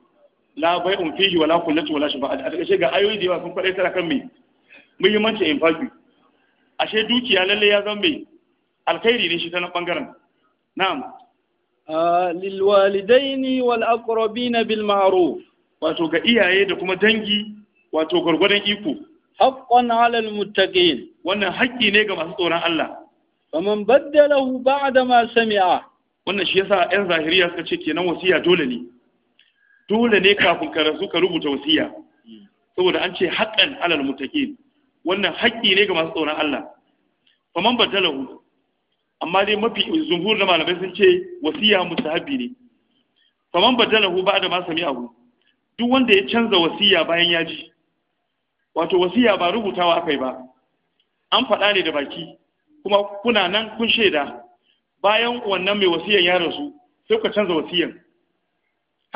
la bai'un fihi wala kullatu wala shifa a ƙarshe ga ayoyi da yawa sun faɗa tara kan me muhimmancin infaki ashe dukiya lalle ya zama mai. alkhairi ne shi ta bangaren na'am lil walidaini wal aqrabina bil ma'ruf wato ga iyaye da kuma dangi wato gwargwadon iko haqqan 'ala al muttaqin wannan haƙƙi ne ga masu tsoron Allah faman baddalahu ba'da ma sami'a wannan shi yasa 'yan zahiriya suka ce kenan wasiya dole ne dole ne kafin ka rasu ka rubuta wasiya saboda an ce haƙƙan alal mutaqin wannan haƙƙi ne ga masu tsoron Allah man batalahu amma dai mafi zuhur da malamai sun ce wasiya mustahabi ne faman batalahu da ma sami'ahu duk wanda ya canza wasiya bayan ya ji wato wasiya ba rubutawa akai ba an faɗa ne da baki kuma kuna nan kun shaida bayan wannan mai wasiyan ya rasu sai ka canza wasiyan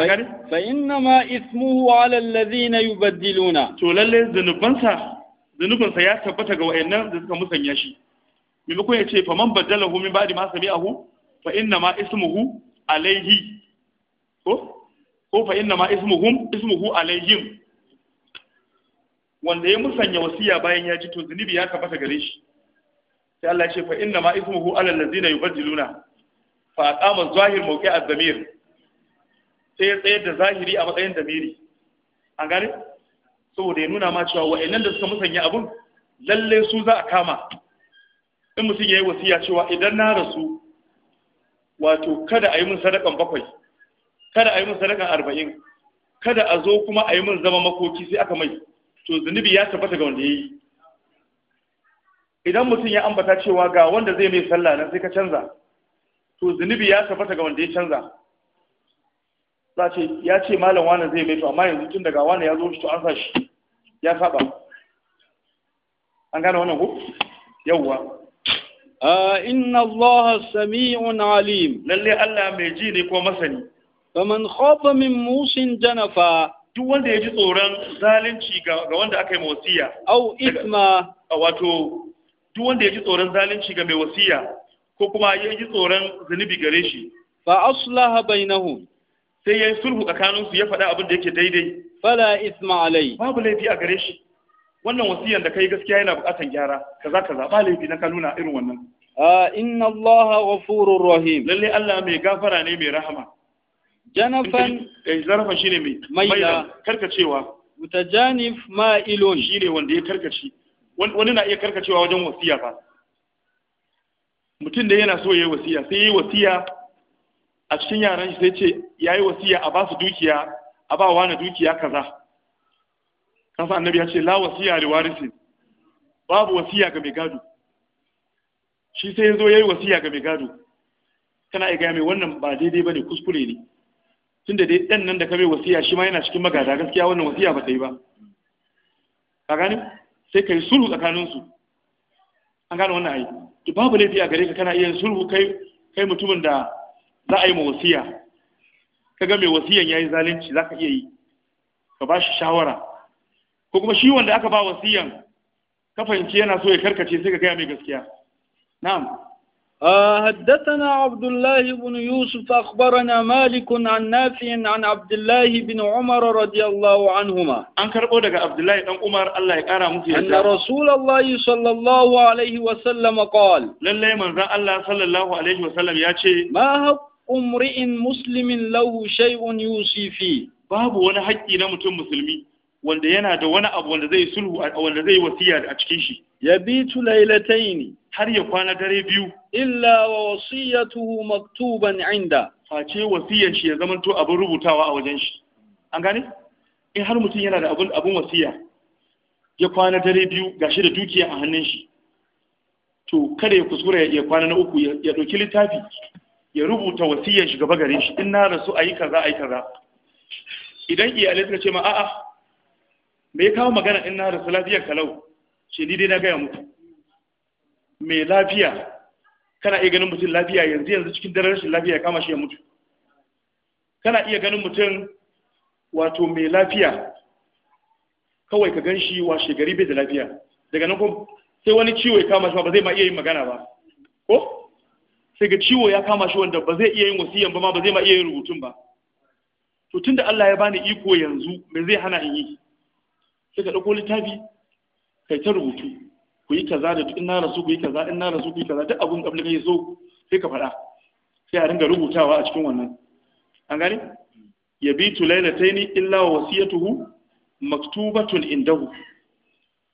an fa inna ma ismuhu ala alladhina yubaddiluna to lalle zanubansa zanubansa ya tabbata ga wayannan da suka musanya shi maimakon ya ce fa man baddalahu min ba'di ma sami'ahu fa inna ma ismuhu Alayhi. ko ko fa inna ma ismuhum ismuhu alayhim wanda ya musanya wasiya bayan ya ji to zanubi ya tabbata gare shi sai Allah ya ce fa inna ma ismuhu ala alladhina yubaddiluna fa aqama zahir mawqi'a az-zamir sai ya tsayar da zahiri a matsayin meri an gane saboda ya nuna ma cewa wa'annan da suka musanya abun lalle su za a kama in mutum ya yi wasiya cewa idan na rasu wato kada a yi min sadakan bakwai kada a yi min sadakan arba'in kada a zo kuma a yi min zama makoki sai aka mai to zunubi ya tabbata ga wanda ya yi idan mutum ya ambata cewa ga wanda zai mai sallah nan sai ka canza to zunubi ya tabbata ga wanda ya canza za ce ya ce malam wani zai mai to amma yanzu tun daga wani ya zo shi to an sa shi ya saba an gane wannan ko yawwa inna Allah sami'un alim lalle Allah mai ji ne ko masani faman khafa min musin janafa duk wanda ya ji tsoron zalunci ga wanda aka yi wasiya au isma wato duk wanda ya ji tsoron zalunci ga mai wasiya ko kuma ya ji tsoron zunubi gare shi fa aslaha bainahum sai ya yi sulhu tsakaninsu ya faɗa abin da yake daidai fala isma alai babu laifi a gare shi wannan wasiyan da kai gaskiya yana buƙatar gyara kaza kaza ba laifi na kanuna irin wannan inna allaha ghafurur rahim lalle Allah mai gafara ne mai rahama janafan eh zarafa shine mai maida karkacewa mutajanif ma'ilun shine wanda ya karkace wani na iya karkacewa wajen wasiya fa mutum da yana so yayi wasiya sai yayi wasiya a cikin yaran shi sai ce ya yi wasiya a ba su dukiya a ba wa na dukiya kaza kasa annabi ya ce la wasiya da warisi babu wasiya ga mai gado shi sai ya zo yi wasiya ga mai gado kana iya mai wannan ba daidai ba ne, kuskure ne Tun da dai ɗan nan da ka mai wasiya shi ma yana cikin magada gaskiya wannan wasiya ba ta yi ba ka gani sai ka yi sulhu tsakaninsu. an gane wannan ayi to babu laifi a gare ka kana iya sulhu kai kai mutumin da za a yi ma wasiya ka ga wasiyan ya yi zalunci za ka iya yi ka ba shawara ko kuma shi wanda aka ba wasiyan ka fahimci yana so ya karkace sai ka gaya mai gaskiya na'am حدثنا عبد الله بن يوسف أخبرنا مالك عن نافع عن عبد الله بن عمر رضي الله عنهما أن رسول الله صلى الله عليه وسلم قال ما حق umri'in muslimin lahu shay'un yusi fi babu wani haƙƙi na mutum musulmi wanda yana da wani abu wanda zai sulhu wanda zai wasiya a cikin shi yabitu laylataini har ya kwana dare biyu illa wa wasiyatuhu maktuban inda face wasiyar shi ya to abin rubutawa a wajen shi an gane in har mutum yana da abin abin wasiya ya kwana dare biyu gashi da dukiya a hannun shi to kada ya kuskura ya kwana na uku ya ɗauki littafi ya rubuta wasiyar shugaba gare shi in na rasu ayi kaza ayi kaza idan iyalai suka ce ma a'a me ya kawo magana in na rasu lafiyar kalau shi ni dai na gaya mutu me lafiya kana iya ganin mutum lafiya yanzu yanzu cikin daren rashin lafiya ya kama shi ya mutu kana iya ganin mutum wato mai lafiya kawai ka gan shi washe gari bai da lafiya daga nan kuma sai wani ciwo ya kama shi ba zai ma iya yin magana ba ko sai ga ciwo ya kama shi wanda ba zai iya yin wasiyan ba ma ba zai ma iya yin rubutun ba to tunda Allah ya bani iko yanzu me zai hana in yi sai ka dauko littafi kai ta rubutu ku yi kaza da in rasu ku yi kaza in na rasu ku yi kaza duk abun kabli kai so sai ka faɗa sai a ringa rubutawa a cikin wannan an gane bi lailataini illa wasiyatuhu maktubatun indahu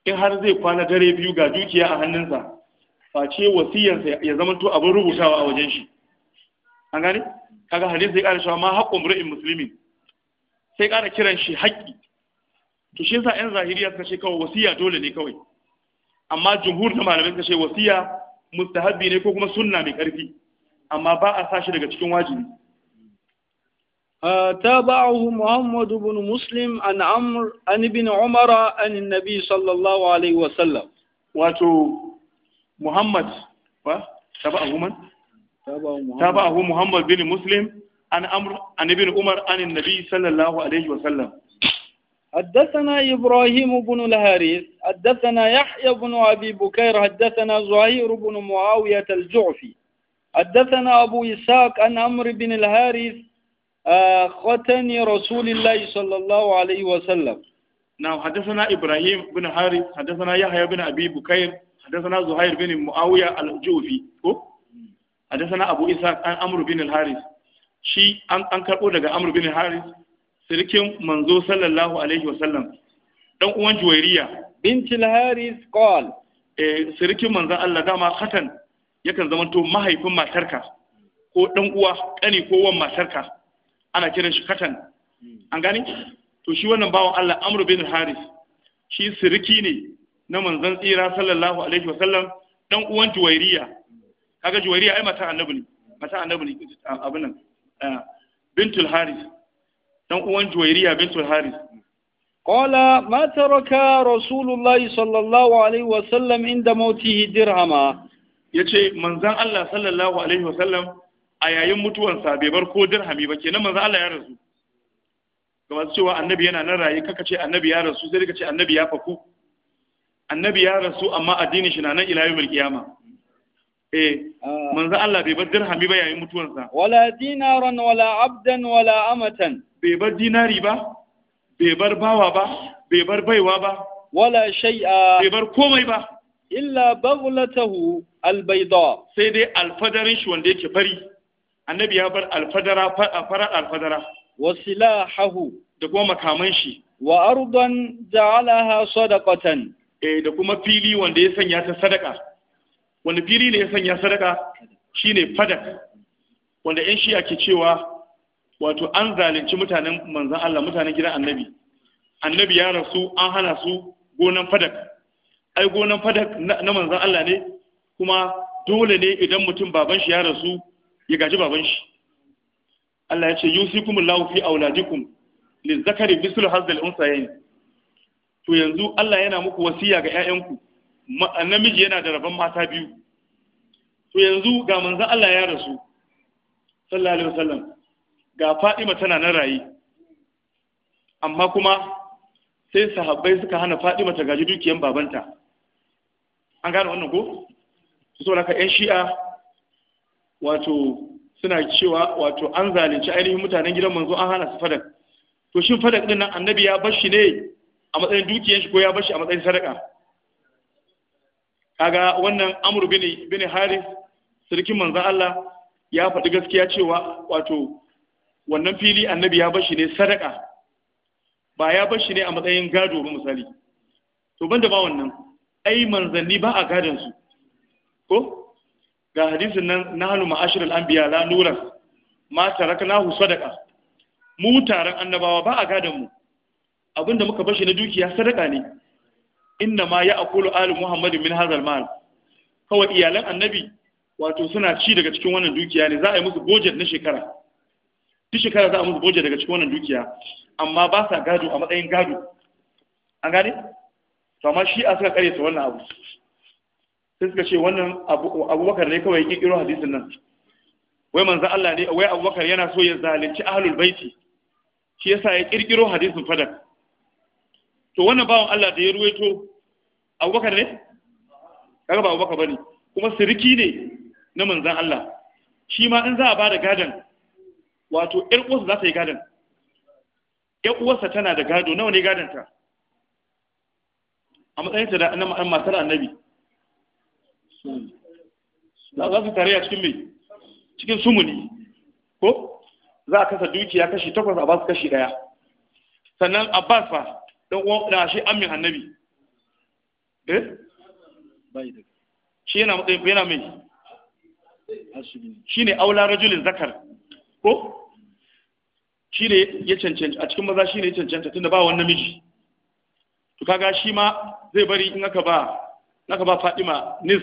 in har zai kwana dare biyu ga dukiya a hannunsa face wasiyarsa ya zamanto abin rubutawa a wajen shi an gane kaga hadisi ya ƙara cewa ma haƙƙun mur'in musulmi sai ƙara kiran shi haƙƙi to shi yasa yan zahiriya suka ce kawai wasiya dole ne kawai amma jumhur da malamai suka ce wasiya mustahabbi ne ko kuma sunna mai ƙarfi amma ba a sa shi daga cikin wajibi تابعه محمد بن مسلم عن عمرو عن ابن عمر عن النبي صلى الله عليه وسلم wato Muhammad ba tabi'ahu man tabi'ahu Muhammad bin Muslim an Amr an ibn Umar an annabi sallallahu alaihi wa sallam حدثنا إبراهيم بن الهاريث حدثنا يحيى بن أبي بكير حدثنا زهير بن معاوية الجعفي حدثنا أبو إسحاق عن عمرو بن الهارث ختن رسول الله صلى الله عليه وسلم نعم حدثنا إبراهيم بن حارث حدثنا يحيى بن أبي بكير حدثنا زهير بن معاوية الجوفي حدثنا أبو إسحاق عن عمرو بن الحارث شي أن أن كربو دغ عمرو بن الحارث سركين منزو صلى الله عليه وسلم دان uwan Juwairiya bint al-Haris qal eh sirkin manzon Allah dama khatan yakan zamanto mahaifin matarka ko dan uwa kani ko matarka ana kiran shi khatan an gane to shi wannan bawan Allah Amr Haris shi siriki ne na Manzan tsira sallallahu alaihi wasallam dan uwan juwairiya kaga juwairiya ai mata annabi ne mata annabi ne abin nan eh, bintul haris dan uwan juwairiya bintul haris qala ma taraka rasulullahi sallallahu alaihi wasallam inda mautihi dirhama yace Manzan Allah sallallahu alaihi wasallam a yayin mutuwansa bai bar ko dirhami ba kenan Manzan Allah ya rasu ga masu cewa annabi yana nan raye kaka ce annabi ya rasu sai ka ce annabi ya faku annabi ya rasu amma addinin shi na nan ila yawmil qiyama eh ah. manzo Allah bai bar dirhami ba yayin mutuwarsa wala dinaran wala abdan wala amatan bai bar dinari ba bai bar bawa ba bai bar baiwa ba wala shay'a bai bar komai ba illa baghlatahu albayda sai dai alfadarin shi wanda yake fari annabi ya bar alfadara fara alfadara wa silahahu da kuma makaman shi wa ardan ja'alaha sadaqatan E, da kuma fili wanda ya sanya ta sadaka wanda fili ne ya sanya sadaka shine fadak wanda yan shi ake cewa wato an zalunci mutanen manzan Allah mutanen gidan annabi annabi ya rasu an hana su gonan fadak ai gonan fadak na manzan Allah ne kuma dole ne idan mutum baban shi ya rasu ya gaji baban shi Allah ya ce yusikumullahu fi auladikum lizakari mislu hazzal unsayayn to yanzu Allah yana muku wasiya ga 'ya'yanku namiji yana da rabon mata biyu to yanzu ga manzon Allah ya rasu sallallahu alaihi wasallam ga Fadima tana na rayi amma kuma sai sahabbai suka hana Fadima ta gaji dukiyan babanta an gane wannan ko saboda haka 'yan shi'a wato suna cewa wato an zalunci ainihin mutanen gidan manzo an hana su fadak to shin fadak din nan annabi ya bar shi ne a matsayin dukiyar shi ko ya bashi a matsayin sadaka kaga wannan amru bin bin haris sirkin manzon Allah ya faɗi gaskiya cewa wato wannan fili annabi ya bashi ne sadaka ba ya bashi ne a matsayin gado ba misali to banda ba wannan ai manzanni ba a gadon su ko ga hadisin nan nahnu ma'ashiral anbiya la nuran ma hu sadaka. mu taron annabawa ba a gadon mu abinda muka bashi na dukiya sadaka ne inna ma ya aqulu ali muhammad min hadha mal kawai iyalan annabi wato suna ci daga cikin wannan dukiya ne za a yi musu budget na shekara duk shekara za a musu budget daga cikin wannan dukiya amma ba sa gado a matsayin gado an gane to amma shi a suka kare su wannan abu sai suka ce wannan abubakar ne kawai yake kiro hadisin nan wai manzo Allah ne wai abubakar yana so ya zalunci ahlul baiti shi yasa ya kirkiro hadisin fadak to wannan bawan Allah da ya ruwaito abubakar ne kaga ba abubakar ne. kuma siriki ne na manzan Allah shi ma in za a ba da gadon wato ƴar uwarsa za ta yi gadon ƴar uwarsa tana da gado nawa ne gadon ta a matsayin ta da matar annabi za su tare a cikin mai cikin sumuni ko za a kasa dukiya kashi takwas a ba su kashi ɗaya sannan abbas ba dan uwan da shi ammin annabi eh bai da shi yana matsayin yana mai shine aula rajulin zakar ko Shi shine ya cancanta a cikin maza shi shine ya cancanta tunda ba wani namiji to kaga shi ma zai bari in aka ba naka ba Fatima nis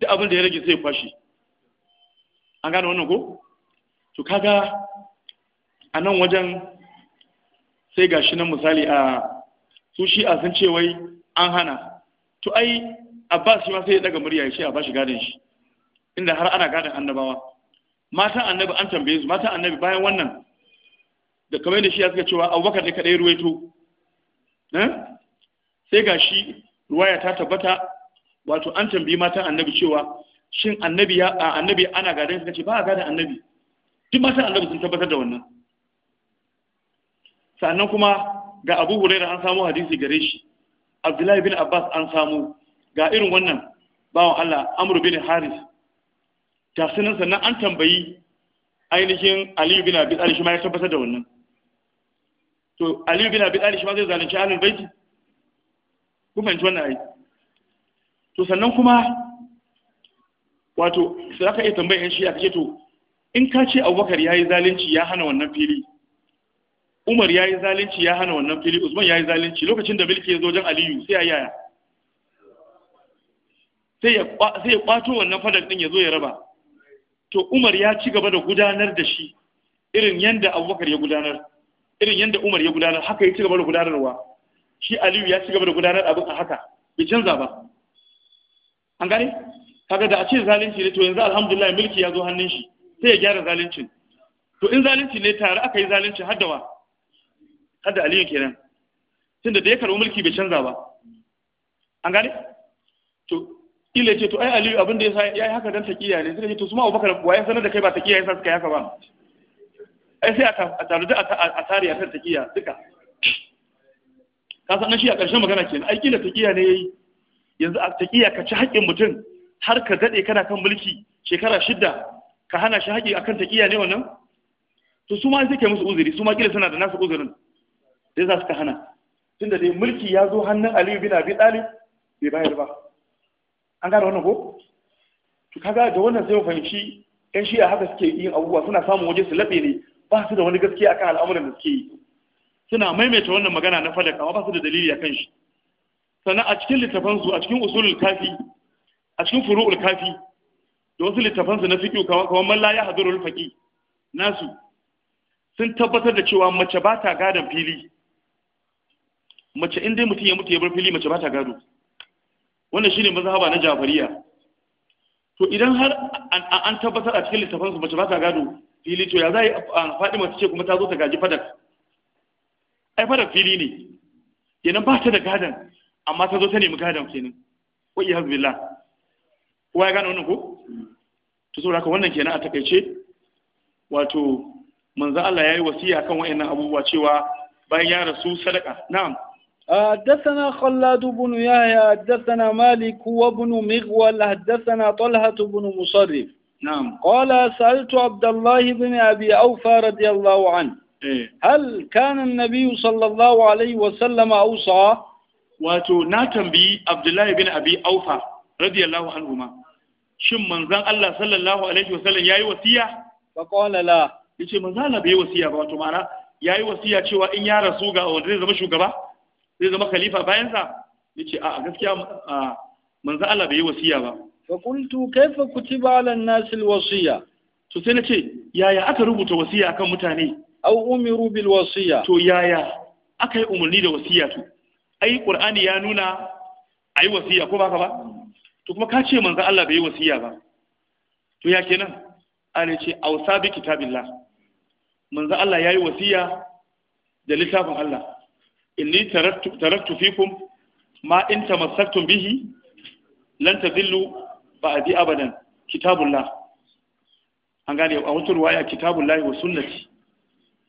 duk abin da ya rage zai kwashi an gane wannan ko to kaga a nan wajen sai ga shi nan misali a su shi a sun ce an hana to ai abbas shi ma sai ya daga murya ya ce a bashi gadon shi inda har ana gadon annabawa matan annabi an tambaye su matan annabi bayan wannan da kamar da shi ya suka cewa abubakar ne kaɗai ruwaito eh? sai ga shi ruwaya ta tabbata wato an tambayi matan annabi cewa shin annabi ya annabi ana gadon suka ce ba a gadon annabi duk matan annabi sun tabbatar da wannan sannan kuma ga abu huraira an samu hadisi gare shi abdullahi bin abbas an samu ga irin wannan bawan allah amr bin haris tasirin sannan an tambayi ainihin aliyu bin abi talib shi ma ya tabbatar da wannan to aliyu bin abi talib shi ma zai zalunci alin baiti kuma fahimci wannan ai to sannan kuma wato sai aka iya tambayi yan shi a kace to in ka ce abubakar ya yi zalunci ya hana wannan fili Umar ya yi zalunci ya hana wannan fili Usman ya yi zalunci lokacin da mulki ya zo wajen Aliyu sai ya yaya sai ya kwato wannan fadar din ya zo ya raba to Umar ya ci gaba da gudanar da shi irin yadda Abubakar ya gudanar irin yadda Umar ya gudanar haka ya ci gaba da gudanarwa shi Aliyu ya ci gaba da gudanar abin a haka bai canza ba an gane kaga da a ce zalunci ne to yanzu alhamdulillah milki ya zo hannun shi sai ya gyara zaluncin to in zalunci ne tare aka yi zalunci haddawa har da aliyu kenan tun da ya karɓi mulki bai canza ba an gane to ila ce to ai aliyu abin da ya yi haka dan takiya ne sai ce to su ma abubakar waye sanar da kai ba takiya yasa suka yaka ba ai sai a taru da a tare a kan takiya duka ka san shi a ƙarshen magana kenan ai kila takiya ne yayi yanzu a takiya ka ci haƙƙin mutum har ka dade kana kan mulki shekara shida ka hana shi haƙƙi akan takiya ne wannan to su ma sai kai musu uzuri su ma kila suna da nasu uzurin sai za su ka hana tunda dai mulki ya zo hannun aliyu bin abi talib bai bayar ba an gane wannan ko to kaga da wannan sai mu fahimci yan shi'a haka suke yin abubuwa suna samun waje su laɓe ne ba su da wani gaskiya akan al'amuran da suke yi suna maimaita wannan magana na falak amma ba su da dalili akan shi sannan a cikin littafansu a cikin usulul kafi a cikin furu'ul kafi da wasu littafansu na fiqh kamar kaman man la yahdurul faqih nasu sun tabbatar da cewa mace ba ta gadon fili mace inda mutum ya mutu ya bar fili mace ba ta gado wannan shine mazhaba na jafariya to idan har an tabbatar a cikin littafansu mace ba ta gado fili to ya za yi fadima ta ce kuma ta zo ta gaji fadak ai fadak fili ne Idan ba ta da gadon amma ta zo ta nemi gadon kenan wa iya hazbillah kowa ya gane wannan ko to saboda haka wannan kenan a takaice wato manzo Allah yayi wasiya kan wayannan abubuwa cewa bayan ya rasu sadaka na'am حدثنا خلاد بن يحيى حدثنا مالك وابن مغول حدثنا طلحة بن مصرف نعم قال سألت عبد الله بن أبي أوفى رضي الله عنه إيه؟ هل كان النبي صلى الله عليه وسلم أوصى wato na tambayi Abdullahi bin Abi Aufa radiyallahu anhuma shin manzon Allah sallallahu alaihi wasallam yayi wasiya fa qala la yace manzon Allah bai wasiya ba wato ma'ana yayi wasiya cewa in ya rasu ga wanda zai zama shugaba zai zama khalifa bayansa? sa yace a gaskiya manzo Allah bai yi wasiya ba fa qultu kayfa kutiba ala nas al-wasiya to sai nace yaya aka rubuta wasiya kan mutane aw umiru bil wasiya to yaya aka yi umarni da wasiya to ai qur'ani ya nuna ai wasiya ko baka ba to kuma ka ce manzo Allah bai yi wasiya ba to ya kenan ana ce ausa bi kitabillah manzo Allah yayi wasiya da littafin Allah inni taraktu fikum ma in tamassaktum bihi lan tadillu ba'di abadan kitabullah an gane a wutur waya kitabullahi wa sunnati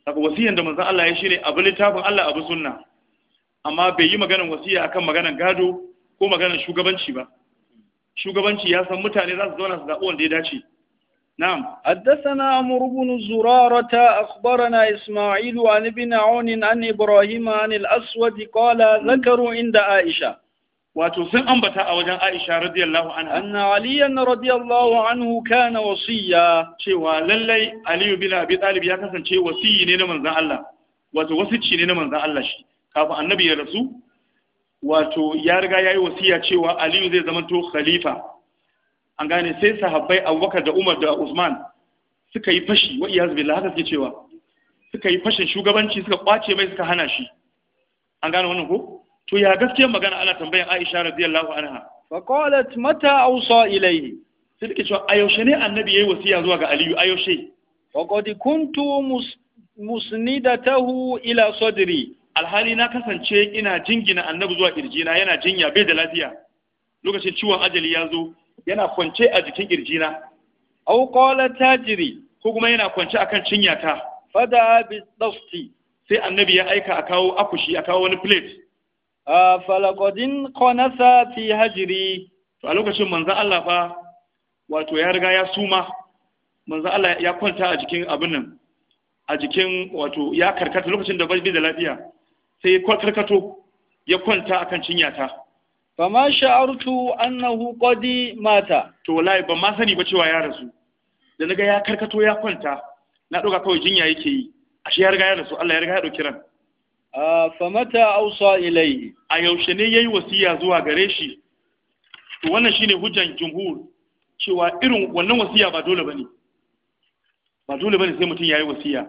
saboda wasiyan da manzon Allah ya shine abu litafin Allah abu sunna amma bai yi maganar wasiya akan maganar gado ko maganar shugabanci ba shugabanci ya san mutane za su zauna su zaɓi wanda ya dace نعم حدثنا عمرو بن زرارة أخبرنا إسماعيل عن ابن عون عن إبراهيم عن الأسود قال ذكروا عند عائشة wato sun ambata a wajen Aisha radiyallahu anha anna aliyan radiyallahu anhu kana wasiya cewa lallai Aliyu bin Abi Talib ya kasance wasiyi ne na manzon Allah wato wasici ne na manzon Allah shi kafin annabi ya rasu wato ya riga yayi wasiya cewa Aliyu zai zama khalifa an gane sai sahabbai abubakar da umar da usman suka yi fashi wa iyaz billah haka suke cewa suka yi fashin shugabanci suka kwace mai suka hana shi an gane wannan ko to ya gaskiya magana ana tambayan aisha radiyallahu anha fa qalat mata awsa ilayhi sai take cewa a yaushe ne annabi yayi wasiya zuwa ga aliyu a yaushe wa qad kuntu musnidatahu ila sadri alhali na kasance ina jingina annabi zuwa kirjina yana jinya bai da lafiya lokacin ciwon ajali ya zo yana kwance a jikin kirjina aw ta tajiri ko kuma yana kwance a cinya cinyata fada bi tsafti. sai annabi ya aika a kawo akushi a kawo wani plate falakodin konasa fi hajiri. to a lokacin manzan Allah fa wato ya riga ya suma Manzan Allah ya kwanta a jikin abin nan a jikin wato ya karkata lokacin da bai da lafiya sai ya karkato ya kwanta akan cinyata fa ma sha'artu annahu qadi mata to lai, ba ma sani ba cewa ya rasu da naga ya karkato ya kwanta na ɗauka kawai jinya yake yi ashe ya riga ya rasu Allah ya riga ya ɗauki ran fa mata ausa ilai. a yaushe ne yayi wasiya zuwa gare shi to wannan shine hujjan jumhur cewa irin wannan wasiya ba dole bane ba dole bane sai mutum yayi wasiya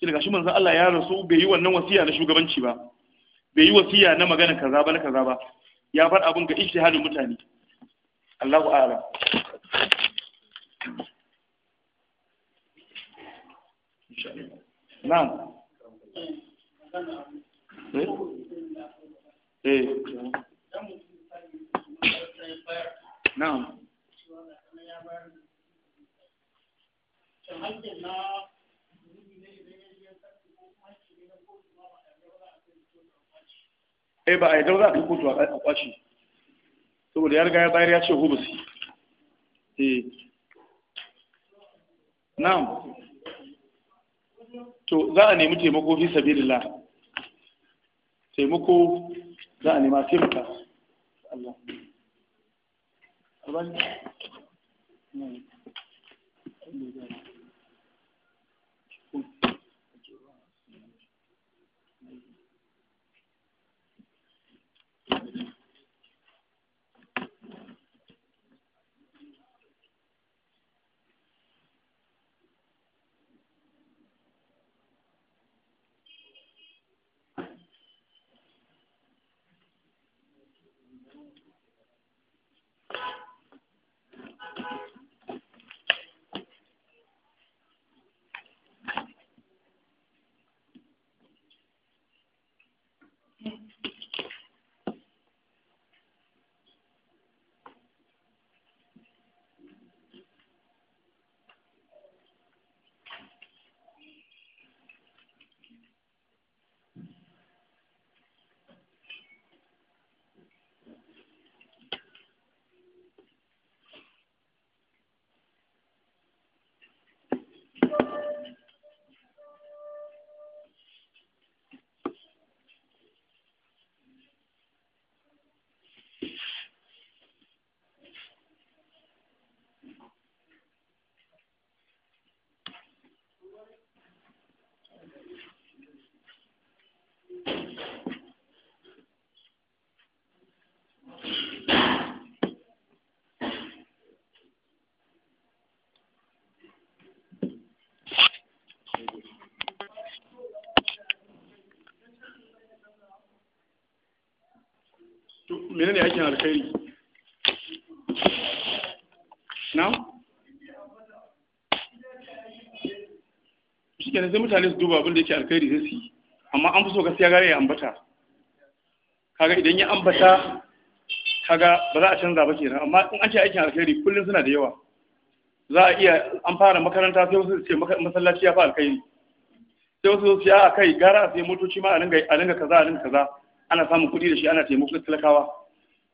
shi daga shi manzon Allah ya rasu bai yi wannan wasiya na shugabanci ba bai yi wasiya na magana kaza ba na kaza ba ya bar abin ga ijtihadin mutane Allahu a'ala na'am eh eh na'am eh ba a yi za a kai kotu a kwashi saboda ya riga ya bayar ya ce hubusi eh na'am to za a nemi taimako fi sabilillah taimako za a nema taimaka Allah Thank you. menene aikin alkhairi na shi kenan sai mutane su duba abin da yake alkhairi sai su yi amma an fi so gaskiya gare ya ambata kaga idan ya ambata kaga ba za a canza ba kenan amma in an ce aikin alkhairi kullum suna da yawa za a iya an fara makaranta sai wasu ce masallaci ya fi alkhairi sai wasu su a kai gara a sai motoci ma a dinga kaza a dinga kaza ana samun kuɗi da shi ana taimako talakawa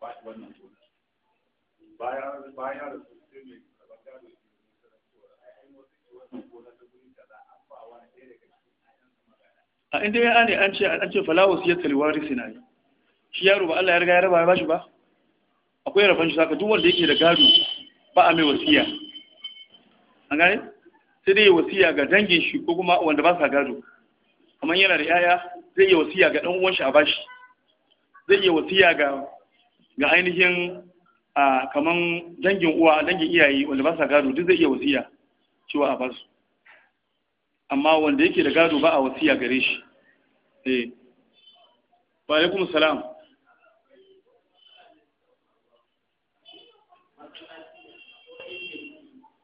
ba shi wannan gona bayan bayan da su sai mai da gado ya yi cewa ai ai wasu ke wannan gona ta guri kaza an ba wani ɗaya daga cikin ayan magana. a inda ya ne an ce an ce fala wasiyat kal warisi nayi shi yaro ba Allah ya riga ya raba ya bashi ba akwai rabon shi saka duk wanda yake da gado ba a mai wasiya an gane sai dai wasiya ga dangin shi ko kuma wanda ba sa gado kamar yana da yaya zai yi wasiya ga dan uwan shi a bashi zai yi wasiya ga ga ainihin kaman dangin uwa dangin iyaye wanda ba sa gado duk zai iya wasiya cewa a basu amma wanda yake da gado ba a wasiya gare shi eh wa alaikum salam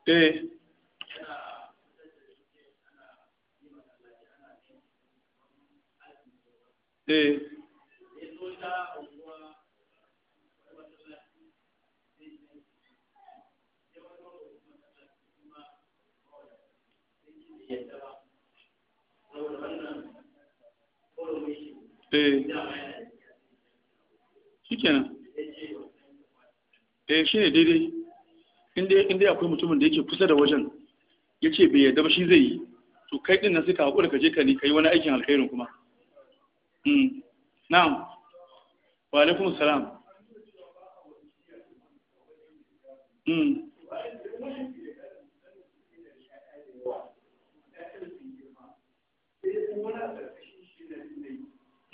eh eh eh shikenan eh shine daidai inda inda akwai mutumin da yake kusa da wajen yace bai yarda ba shi zai yi to kai din nan sai ka hakura ka je ka ni kai wani aikin alkhairin kuma mm na'am wa alaikum salam mm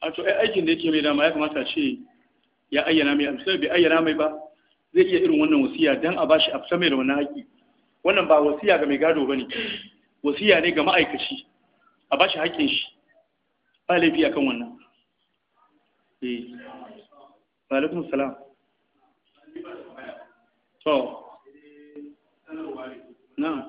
a to aikin da yake mai dama ya kamata ce ya ayyana mai amsa bai ayyana mai ba zai iya irin wannan wasiya don a bashi amsa mai da wani haƙi wannan ba wasiya ga mai gado ne. wasiya ne ga ma'aikaci a bashi haƙin shi ba laifi a kan wannan eh wa salam da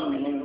Thank you.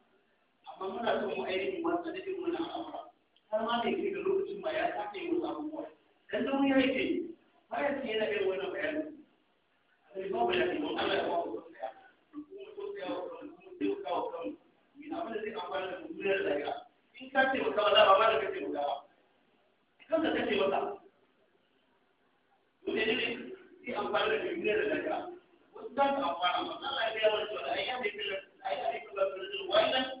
amma muna son mu ainihin wasu da irin wannan amura. har ma mai kai da lokacin ma ya sake wasu abubuwa dan da mu ya yake baya ce yana irin wannan bayani sai ba mu yake mun Allah ya ba mu tsaya kuma to sai ya kuma sai ka kawo kan mu na mun sai amfani da duniyar lafiya in ka ce maka Allah ba ma da kace maka kanka kace maka dole ne sai amfani da duniyar lafiya wasu za amfana Allah ya ga wani cewa ai ya ne ai ya ne kuma wa'annan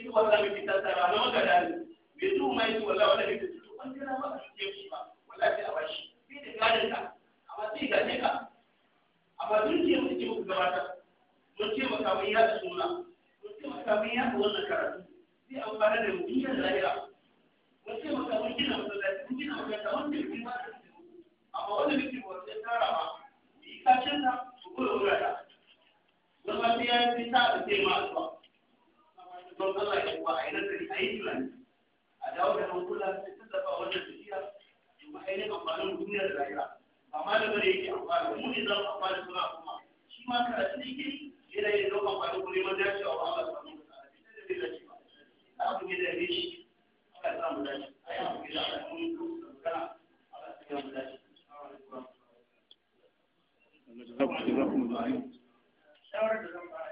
ki wallahi ki tattara na magana ne bai zo mai ki wallahi wannan ki tutu an jira ba ki ce shi ba Wala sai a bashi sai da gadin ka amma sai ga ne ka amma dun ce mu ce muku gabata mun ce maka mun ya suna mun ce maka mun ya wannan karatu sai an fara da mu yin lahira mun ce maka mun gina masallaci mun gina makaranta mun ce mun ba da amma wannan ki wallahi tara ba yi ka canza su koyo wurare wani ma sai ya yi ta da ma don Allah ya kuwa a yi nazari a yi tunani a dawo da hankula da tafiya ainihin amfanin ba ma da bane yake amfani mu ne za mu amfani kuma shi ma yake yana yin amfani neman dacewa Allah samu da bai ba da shi dace a yi da Allah mun kuma da Shawarar da zan fara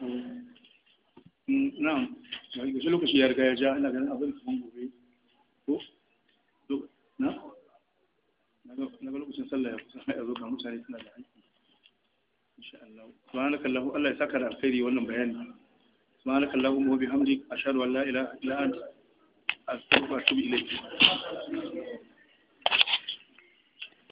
nan yanzu lokaci ya riga ya ja ina ganin abin kuma gobe ko na na ga lokacin sallah ya kusa ya zo ga mutane suna da aiki insha Allah subhanaka Allah Allah ya saka da alkhairi wannan bayani subhanaka Allahumma wa bihamdik ashhadu an la ilaha illa anta astaghfiruka wa atubu ilayk